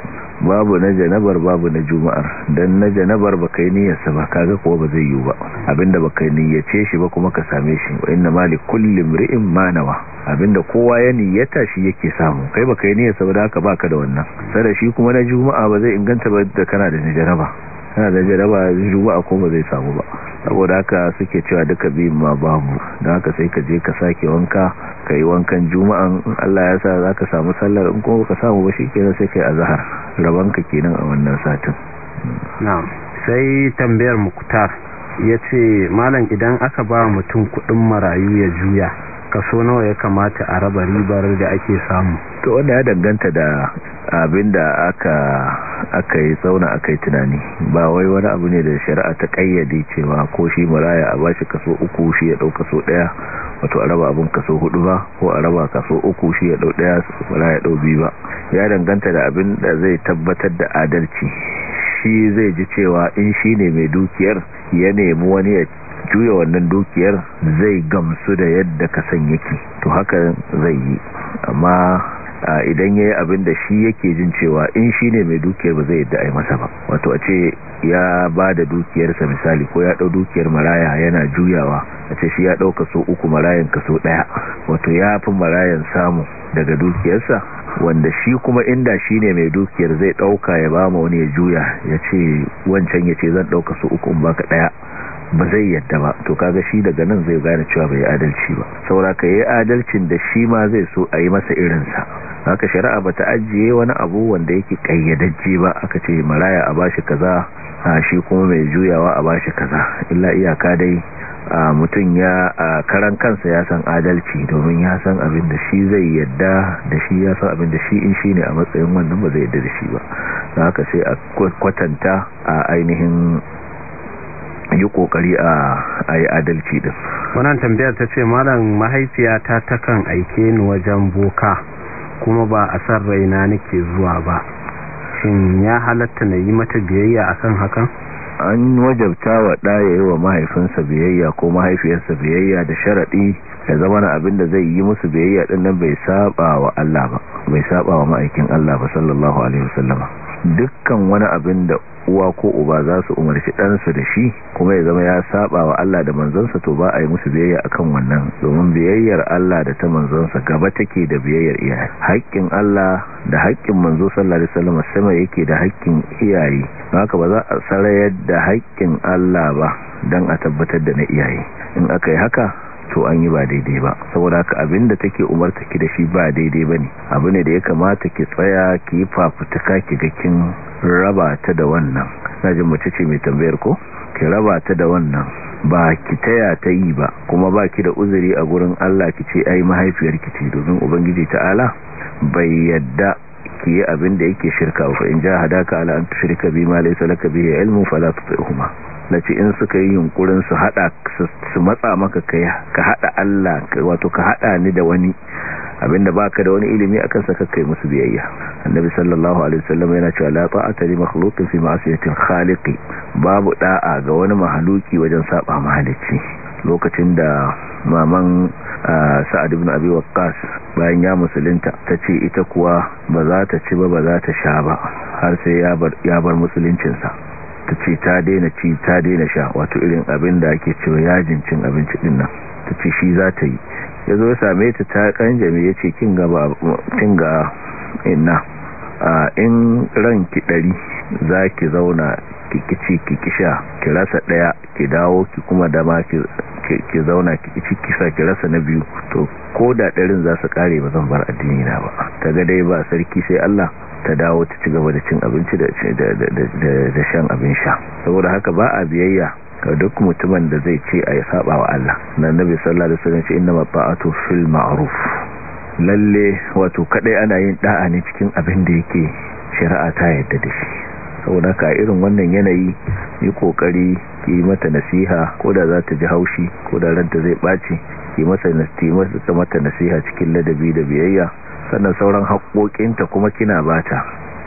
babu na janabar babu na juma'ar don na janabar ba kai niyyarsa ba kaga kuwa ba zai yiwu ba abinda ba kai niyyace shi ba kuma ka same shi wa inna mali kullum ri'in manawa abinda kowa ya niyyata shi yake samu kai ba kai niyyarsa ba da haka baka da wannan sada shi kuma na juma'a ba zai inganta ba da kana da na janaba yana da jaraba juma'a ko ba zai samu ba saboda haka suke cewa duka biyun ma babu don haka sai ka je ka sake wanka ka yi wankan juma'an Allah ya sa za ka samu sallar in kuma ka samu ba shi kenan sai ka yi rabon ka kenan a wannan satin sai tambayar muktar ya ce malam idan aka ba mutum kudin marayu ya juya kaso nawa ya kamata a raba ribar da ake samu to wanda ya danganta da abin da aka aka yi tsauna aka yi tunani ba wai wani abu ne da shari'a ta kayyade cewa ko shi maraya a bashi kaso uku shi ya dau kaso daya wato a raba abin kaso hudu ba ko a raba kaso uku shi ya dau daya maraya ya dau biyu ba ya danganta da abin da zai tabbatar da adalci shi zai ji cewa in shi ne mai dukiyar ya nemi wani ya juya wannan dukiyar zai gamsu da yadda ka san yake to haka zai yi amma idan ya yi abin da shi yake jin cewa in shi ne mai dukiyar ba zai yadda a yi masa ba wato a ce ya ba da dukiyarsa misali ko ya ɗau dukiyar maraya yana juyawa a ce shi ya ɗau kaso uku marayan kaso ɗaya wato ya fi marayan samu daga dukiyarsa wanda shi kuma inda shi ne mai dukiyar zai ɗauka ya ba ma wani ya juya ya ce wancan ya ce zan ɗauka su uku ba ka ɗaya ba zai yadda ba to kaga shi daga nan zai gane cewa bai adalci ba saboda ka yi adalcin da shi ma zai so a yi masa irinsa haka shari'a bata ajiye wani abu wanda yake kayyadajje ba aka ce maraya a bashi kaza a shi kuma mai juyawa a bashi kaza illa iyaka dai mutum ya karan kansa ya san adalci domin ya san abin da shi zai yadda da shi ya san abin da shi in shi ne a matsayin wannan ba zai yadda da shi ba haka sai a kwatanta a ainihin yi kokari a ayi adalci din wannan tambayar ta ce malam mahaifiya ta takan aike ni wajen boka kuma ba a san raina nake zuwa ba shin ya halatta na yi mata biyayya akan hakan an wajabta wa ɗaya yi wa mahaifinsa biyayya ko mahaifiyarsa biyayya da sharaɗi da zaman na abinda zai yi musu biyayya ɗin nan bai saba wa Allah ba bai saba wa ma'aikin Allah ba sallallahu alaihi wasallama dukkan wani abin da uwa ko uba za su umarci ɗansu da shi kuma ya zama ya saba wa Allah da manzansa to ba a yi musu biyayya akan wannan domin biyayyar Allah da ta manzansa gaba take da biyayyar iyaye haƙƙin Allah da haƙƙin manzo sallallahu alaihi wasallam sama yake da haƙƙin iyaye haka ba za a sarayar da haƙƙin Allah ba dan a tabbatar da na iyaye in aka yi haka to an yi ba daidai ba saboda haka da take umarta ki da shi ba daidai ba ne abu ne da ya kamata ki tsaya ki yi fafutuka ki ga kin raba ta da wannan na ji mace ce mai tambayar ko ki raba ta da wannan ba ki taya ta yi ba kuma ba ki da uzuri a gurin Allah ki ce ai mahaifiyar ki ce domin ubangiji ta'ala bai yadda ki yi abin da yake shirka wa in ja hadaka ala an tushrika bima laysa laka bihi ilmun fala tuti'huma na ce in suka yi yunkurin su hada su matsa maka kai ka hada Allah wato ka hada ni da wani abinda baka da wani ilimi akan saka kai musu biyayya annabi sallallahu alaihi wasallam yana cewa la ta'ata li makhluqin fi ma'siyatin khaliqi babu da'a ga wani mahaluki wajen saba mahalicci lokacin da maman sa'ad ibn abi waqqas bayan ya musulunta tace ita kuwa ba za ta ci ba ba za ta sha ba har sai ya bar ya bar musuluncinsa ta ce ta daina ci ta daina sha wato irin abin da ake cewa yajin cin abinci din nan ta ce shi za ta yi ya zo same ta ta kanjami ya ce kin ga inna in ranki ɗari za ki zauna kikici kikisha ki rasa daya ki dawo ki kuma dama ki zauna kikici kisa ki rasa na biyu to ko da ɗarin za su kare ba zan bar addini na ba ta ga dai ba sarki sai Allah ta dawo ta ci gaba da cin abinci da shan abin sha saboda haka ba a biyayya ga duk mutumin da zai ce a ya saba wa Allah nan nabi sallallahu alaihi wasallam ce inna mata'atu fil ma'ruf lalle wato kadai ana yin da'a ne cikin abin da yake shari'a ta yadda da shi saboda ka irin wannan yanayi yi kokari ki mata nasiha ko da za ta ji haushi ko da ranta zai ɓaci ki mata nasiha cikin ladabi da biyayya sannan sauran ta kuma kina bata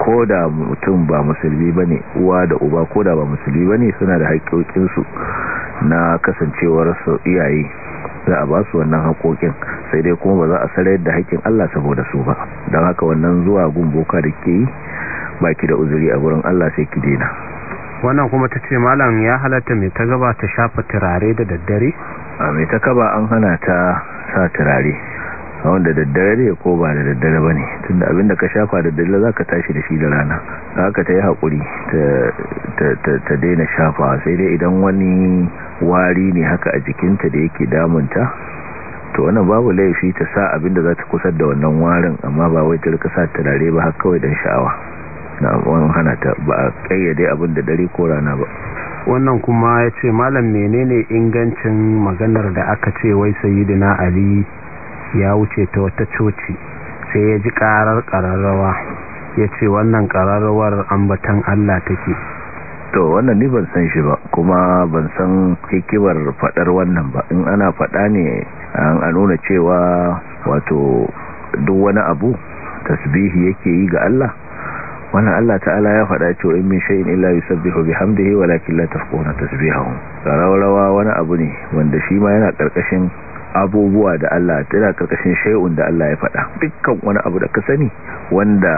ko da mutum ba musulmi ba ne uwa da uba ko da ba musulmi ba ne suna da haƙoƙinsu na kasancewar su iyaye za a ba su wannan haƙoƙin sai dai kuma ba za a sarayar da haƙƙin Allah saboda su ba don haka wannan zuwa gun boka da ke yi ba ki da uzuri a wurin Allah sai ki dina. wannan kuma ta ce malam ya halatta mai ta gaba ta shafa turare da daddare a mai ta kaba an hana ta sa turare wanda daddare ne ko ba da daddare ba ne tunda abinda ka shafa da daddare za ka tashi da shi da rana za ka ta yi haƙuri ta daina shafa sai dai idan wani wari ne haka a jikinta da yake damunta to wannan babu laifi ta sa abinda za ta kusar da wannan warin amma ba wai ta rika sa turare ba haka kawai don sha'awa na wani hana ta ba a ƙayyade abin da dare ko rana ba wannan kuma ya ce malam menene ingancin maganar da aka ce wai sayidina ali ya wuce ta wata coci sai ya ji karar kararrawa ya ce wannan kararrawar ambatan Allah take to wannan ni ban san shi ba kuma ban san hikimar fadar wannan ba in ana fada ne an nuna cewa wato duk wani abu tasbihi yake yi ga Allah wannan Allah ta'ala ya faɗa cewa in min shay'in illa yusabbihu bihamdihi walakin la tafqahuna tasbihahu wani abu ne wanda shi ma yana karkashin abubuwa da Allah tana karkashin shay'un da Allah ya faɗa dukkan wani abu da ka sani wanda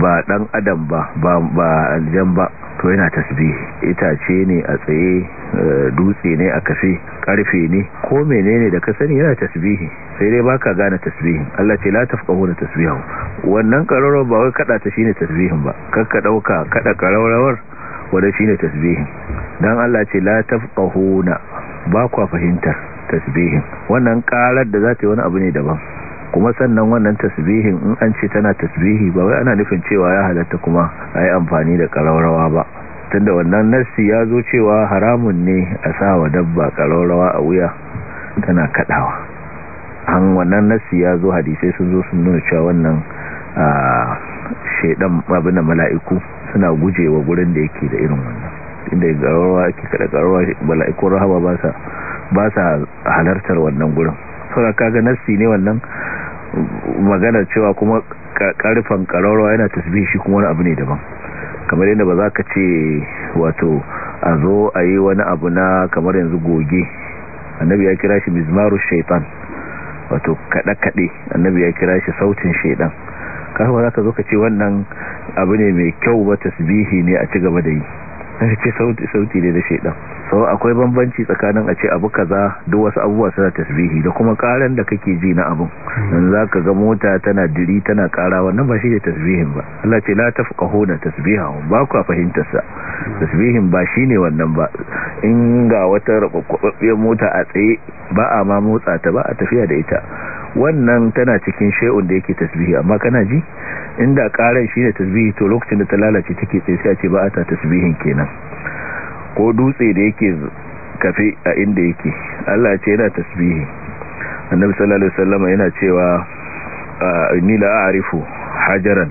ba dan adam ba ba aljan ba to yana tasbih itace ne a tsaye eh, dutse ne a kafe karfe ne ko menene da ka sani yana tasbihi sai dai baka gane tasbihin Allah ce la tafqahuna tasbih wannan kararrawar ba wai kada ta shine tasbihin ba kakka dauka kada kararawar wanda shine tasbihi dan Allah ce la na ba kwa fahimtar tasbihin wannan karar da zata yi wani abu ne daban kuma sannan wannan tasbihin in an ce tana tasbihi ba wai ana nufin cewa ya halatta kuma a yi amfani da ƙararrawa ba tunda wannan nassi ya zo cewa haramun ne a sa wa dabba ƙararrawa a wuya tana kaɗawa an wannan nassi ya zo hadisai sun zo sun nuna cewa wannan shaidan abin da mala'iku suna gujewa gurin da yake da irin wannan inda ƙararrawa ake kaɗa ƙararrawa mala'ikun rahama ba sa ba sa halartar wannan gurin saboda kaga nassi ne wannan magana cewa kuma karfan kararwa yana tasbihi shi kuma wani abu ne daban kamar yadda ba za ka ce wato a zo a yi wani abu na kamar yanzu goge annabi ya kira shi mizmaru shaitan wato kaɗe-kaɗe annabi ya kira shi sautin shaitan kasa ba za ka zo ka ce wannan abu ne mai kyau ba tasbihi ne a ci gaba da yi sai ce sauti sauti ne da shaidan so akwai bambanci tsakanin a ce abu kaza duk wasu abubuwa na tasbihi da kuma karan da kake ji na abun dan zaka ga mota tana diri tana kara wannan ba shi shine tasbihin ba Allah ce la tafqahuna tasbihahum ba ku fahimtar sa tasbihin ba shine wannan ba in ga wata rababbabbiyar mota a tsaye ba a ma motsa ta ba a tafiya da ita wannan tana cikin shay'un da yake tasbihi amma kana ji inda karan shine tasbihi to lokacin da ta lalace take tsaye sai a ce ba a ta tasbihin kenan ko dutse da yake kafe a inda yake Allah ce yana tasbihi annabi sallallahu alaihi wasallam yana cewa inni la a'rifu hajaran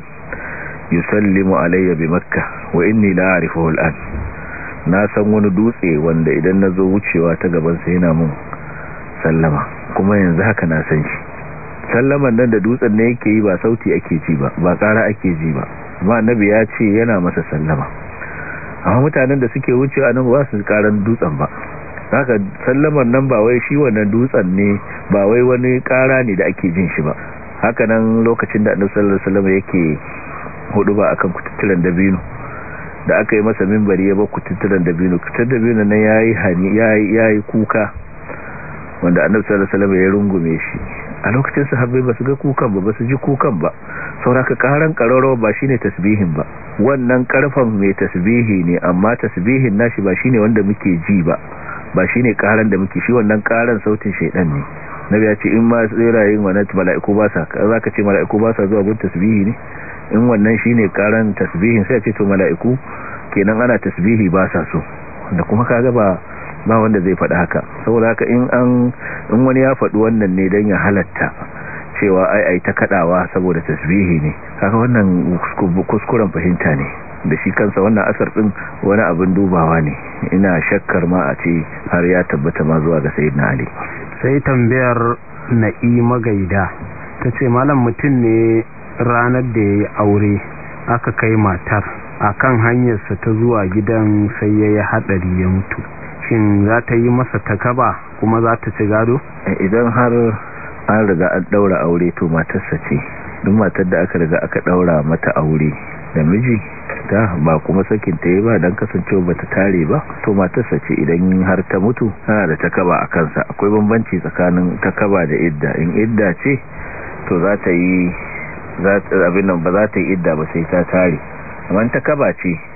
yusallimu alayya bi makkah wa inni la a'rifu al'an na san wani dutse wanda idan nazo wucewa ta gaban sai yana mun sallama kuma yanzu haka na san shi sallaman nan da dutsen ne yake yi ba sauti ake ji ba ba ƙara ake ji ba amma annabi ya ce yana masa sallama amma mutanen da suke wucewa nan ba su karan dutsen ba haka sallaman nan ba wai shi wannan dutsen ne ba wai wani kara ne da ake jin shi ba haka nan lokacin da annabi sallallahu alaihi wasallam yake hudu ba akan kututturen dabino da aka yi masa minbari ya ba kututturen dabino kututturen dabino nan yayi hani yayi yayi kuka wanda annabi sallallahu alaihi wasallam ya rungume shi a lokacin sahabbai ba su ga kukan ba ba su ji kukan ba sauraka karan kararrawa ba shine tasbihin ba wannan karfan mai tasbihi ne amma tasbihin nashi ba shine wanda muke ji ba ba shine karan da muke shi wannan karan sautin shaidan ne nabi ya ce in ma tsirayin wannan mala'iku ba sa zaka ce mala'iku ba sa zuwa gun tasbihi ne in wannan shine karan tasbihin sai ya ce to mala'iku kenan ana tasbihi ba sa so da kuma kaga ba ba wanda zai faɗi haka saboda haka in an in wani ya faɗi wannan ne don ya halatta cewa ai ai ta kadawa saboda tasbihi ne haka wannan kuskuren fahimta ne da shi kansa wannan asar din wani abin dubawa ne ina shakkar ma a ce har ya tabbata ma zuwa ga sayyidina ali sai tambayar na'i magaida ta ce malam mutum ne ranar da ya aure aka kai matar a kan hanyarsa ta zuwa gidan sai ya yi haɗari ya mutu shin za ta yi masa takaba kuma za ta ci gado eh, idan har an riga an daura aure to matarsa ce duk matar da aka riga aka daura mata aure da miji ta ba kuma sakin ta yi ba don ba ta tare ba to matarsa ce idan har ta mutu tana da takaba a kansa akwai bambanci tsakanin takaba da idda in idda ce to za ta yi abin nan ba za ta yi idda ba sai ta tare amma takaba ce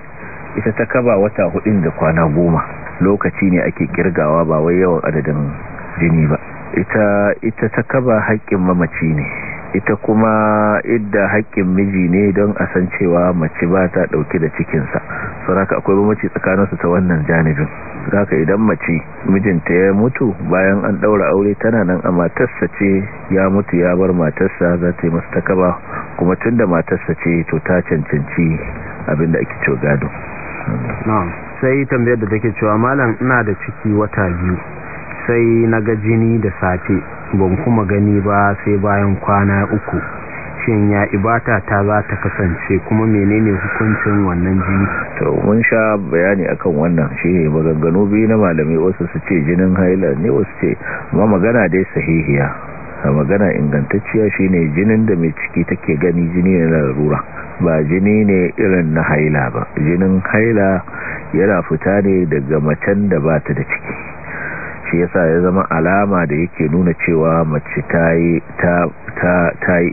ita ta kaba wata hudun da kwana goma lokaci ne ake kirgawa ba wai yawan adadin jini ba ita ita ta kaba haƙƙin mamaci ne ita kuma idda haƙƙin miji ne don a san cewa mace ba ta ɗauki da cikinsa sauraka akwai mamaci tsakaninsu ta wannan janibin zaka idan mace mijinta ya mutu bayan an ɗaura aure tana nan a matarsa ce ya mutu ya bar matarsa za ta yi masu takaba kuma tun da matarsa ce to ta cancanci abinda ake cogado sai tambayar da take cewa malam ina da ciki wata biyu sai na ga jini da safe ban kuma gani ba sai bayan kwana uku shin ya ibata ta za ta kasance kuma menene hukuncin wannan jini to mun sha bayani akan wannan shine maganganu biyu na malamai wasu su ce jinin haila ne wasu ce ba magana dai sahihiya a magana ingantacciya shine jinin da mai ciki take gani jini ne na rura ba jini ne irin na haila ba jinin haila yana fita ne daga macen da ba ta da ciki shi yasa ya zama alama da yake nuna cewa mace ta yi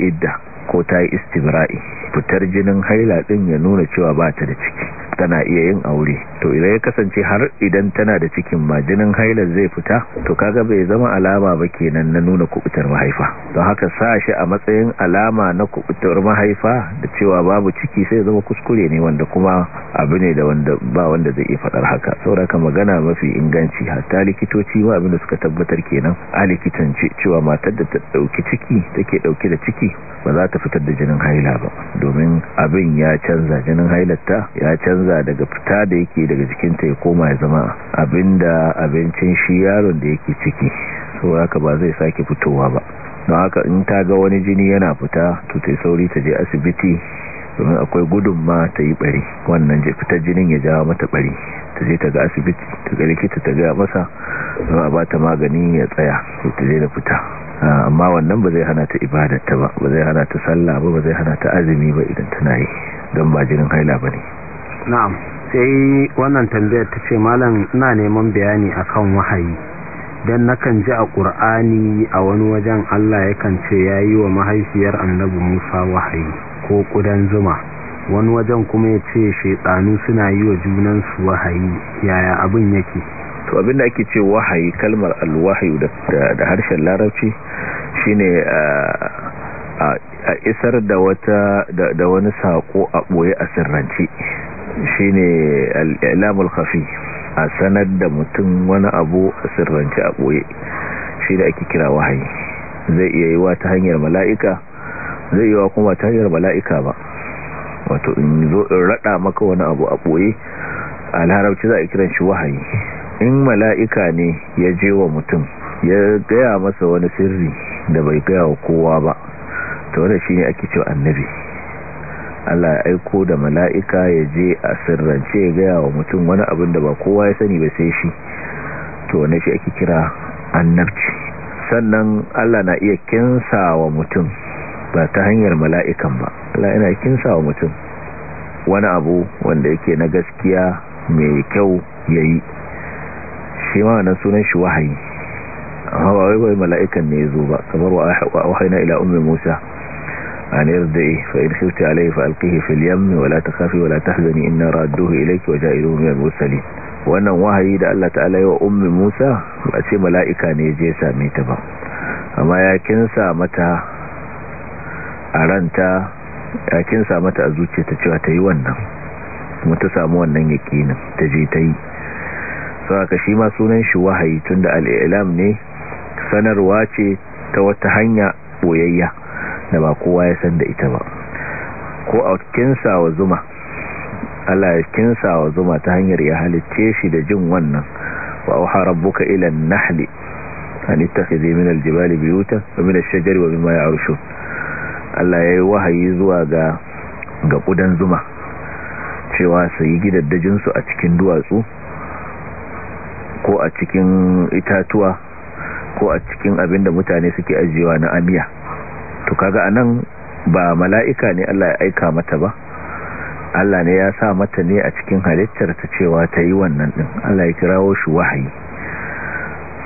idda ko ta yi istimra'i fitar jinin haila din ya nuna cewa ba ta da ciki tana iya yin aure to idan ya kasance har idan tana da cikin ma jinin haila zai fita to kaga bai zama alama ba kenan na nuna kubutar mahaifa don haka sa shi a matsayin alama na kubutar mahaifa da cewa babu ciki sai zama kuskure ne wanda kuma abu ne da wanda ba wanda zai iya faɗar haka sauraka magana mafi inganci hatta likitoci ma abin da suka tabbatar kenan a likitance cewa matar da ta ɗauki ciki take ɗauke da ciki ba za ta fitar da jinin haila ba domin abin ya canza jinin hailatta ya canza daga fita da yake daga jikinta ya koma ya zama abinda abincin shi yaron da yake ciki so haka ba zai sake fitowa ba don haka in ta ga wani jini yana fita to ta sauri ta je asibiti domin akwai gudun ma ta yi bari wannan je fitar jinin ya jawo mata bari ta je ta ga asibiti ta ga likita ta gaya masa za a ba ta magani ya tsaya ta je da fita Ah, amma wannan ba zai hana ta ibadarta ba ba zai hana ta sallah ba ba zai hana ta azumi ba idan tana yi don ba jirin haila ba ne na'am sai wannan tambayar ta ce malam ina neman bayani a kan wahayi don nakan ji a ƙur'ani a wani wajen allah yakan ce ya yi wa mahaifiyar annabi musa wahayi ko ƙudan zuma wani wajen kuma ya ce shaidanu suna yi wa junansu wahayi yaya abin yake to abinda ake ce wahayi kalmar alwahayu da harshen larabci shine a isar da wata da wani sako a boye a sirrance shine al'amul khafi a sanar da mutum wani abu a sirrance a boye shi da ake kira wahayi zai iya yi wa ta hanyar mala'ika zai yi wa kuma ta hanyar mala'ika ba wato in zo in rada maka wani abu a boye a larabci za a kiran shi wahayi in mala'ika ne ya je wa mutum ya gaya masa wani sirri da bai gaya wa kowa ba to wadda shi ne ake cewa annabi Allah ya aiko da mala'ika ya je a sirrance ya gaya wa mutum wani abin da ba kowa ya sani ba sai shi to wadda shi ake kira annabci sannan Allah na iya kinsa wa mutum ba ta hanyar mala'ikan ba Allah yana kinsa wa mutum wani abu wanda yake na gaskiya mai kyau yayi shi ma sunan shi wahayi amma ba wai mala'ikan ne zo ba kamar na ila ummi Musa an yarda'i fa irsilti alayhi fa alqihi fil yammi wa la takhafi wa la tahzani inna radduhu ilayki wa ja'iluhu min wannan wahayi da Allah ta'ala yi wa ummi Musa ba ce mala'ika ne je same ta ba amma ya kinsa mata a ranta ya kinsa mata a zuciyarta cewa ta yi wannan kuma ta samu wannan yakinin ta je ta yi saboda shi ma sunan shi wahayi tunda al’ilam ne sanarwa ce ta wata hanya boyayya da ba kowa ya san da ita ba ko a kinsa wa zuma Allah ya kinsa wa zuma ta hanyar ya halicce shi da jin wannan wa auha rabbuka ila an-nahli an ittakhidhi min al-jibali buyutan wa min ash-shajari wa mimma ya'rushun Allah ya yi wahayi zuwa ga ga kudan zuma cewa su yi gidaddajinsu a cikin duwatsu ko a cikin itatuwa ko a cikin abin da mutane suke ajiyewa na amiya to kaga anan ba mala'ika ne Allah ya aika mata ba Allah ne ya sa mata ne a cikin halittar ta cewa ta yi wannan din Allah ya kirawo shi wahayi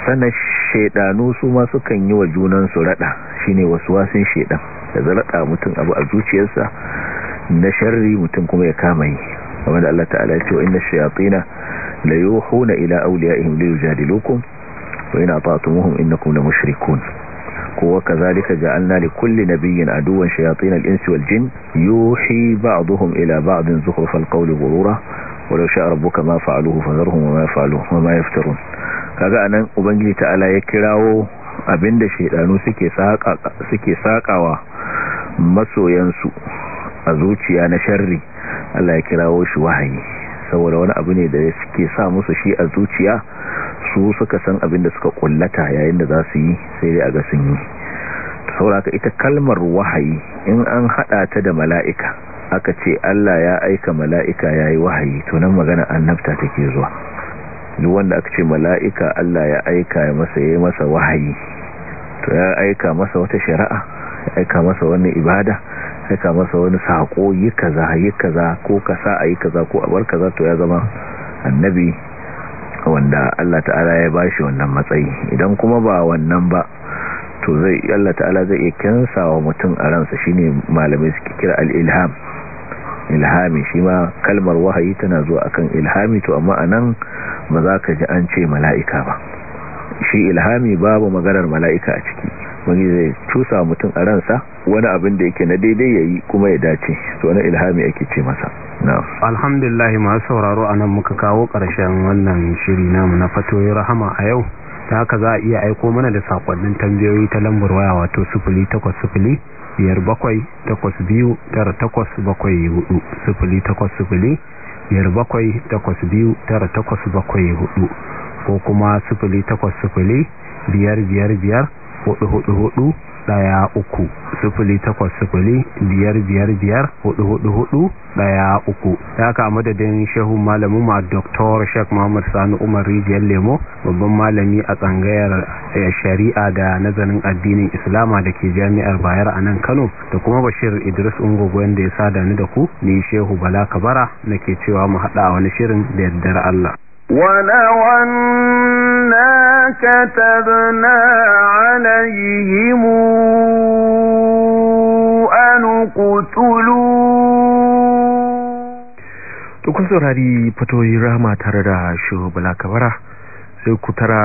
sannan shaidanu su ma sukan yi wa junan su rada shine wasu wasin shaidan da zalaka mutum abu a zuciyarsa na sharri mutum kuma ya kama yi da Allah ta'ala ya ce inna shayatina la yuhuna ila awliyaihim liyujadilukum wa in ata'tumuhum innakum lamushrikun ko kazalika ja'alna likulli nabiyyin aduwwan shayatin al-insi wal jin yuhi ba'dhum ila ba'din zukhrufal qawli ghurura walau sha rabbuka ma fa'aluhu fadharhum wa ma yaf'alun wa ma yaftarun kaga anan ubangiji ta'ala ya kirawo abinda shedanu suke saka suke sakawa masoyansu a zuciya na sharri Allah ya kirawo shi wahayi saboda wani abu ne da suke sa musu shi a zuciya su suka san abin da suka kullata yayin da za su yi sai dai a ga sun yi sauraka ita kalmar wahayi in an hada ta da mala'ika aka ce Allah ya aika mala'ika ya yi wahayi tunan magana annabta take zuwa duk wanda aka ce mala'ika Allah ya aika ya masa ya masa wahayi to ya aika masa wata shari'a ya aika masa wani ibada saka masa wani sako yi kaza yi kaza ko kasa a yi kaza ko a bar kaza to ya zama annabi wanda Allah ta'ala ya bashi wannan matsayi idan kuma ba wannan ba to zai Allah ta'ala zai iya wa mutum a ransa shine malamai suke kira al-ilham ilhami shi ma kalmar wahayi tana zuwa akan ilhami to amma anan ba za ka ji an ce mala'ika ba shi ilhami babu maganar mala'ika a ciki wani zai tusa mutum a ransa wani abin da yake na daidai ya yi kuma ya dace to wani ilhami ake ce masa alhamdulahi masu sauraro a nan muka kawo ƙarshen wannan shiri namu na fatoyi rahama a yau ta haka za a iya aiko mana da sakonnin tambayoyi ta lambar waya wato sufuli takwas sufuli biyar bakwai takwas biyu tara takwas bakwai hudu sufuli takwas sufuli biyar bakwai takwas biyu tara takwas bakwai hudu ko kuma sufuli takwas sufuli biyar biyar biyar uku sufuli takwas sufuli biyar biyar biyar hudu hudu hudu daya uku da aka madadin shehu malamin ma doktor shek muhammad sani umar rijiyar lemo babban malami a tsangayar eh, shari'a da nazarin addinin islama da ke jami'ar bayar a nan kano da kuma bashir idris ungogo da ya sada ni da ku ni shehu bala kabara nake cewa mu haɗa wani shirin da yaddar allah ولو أنا كتبنا عليهم أن قتلوا tukun saurari fatoyi rahama tare da bala kabara sai ku tara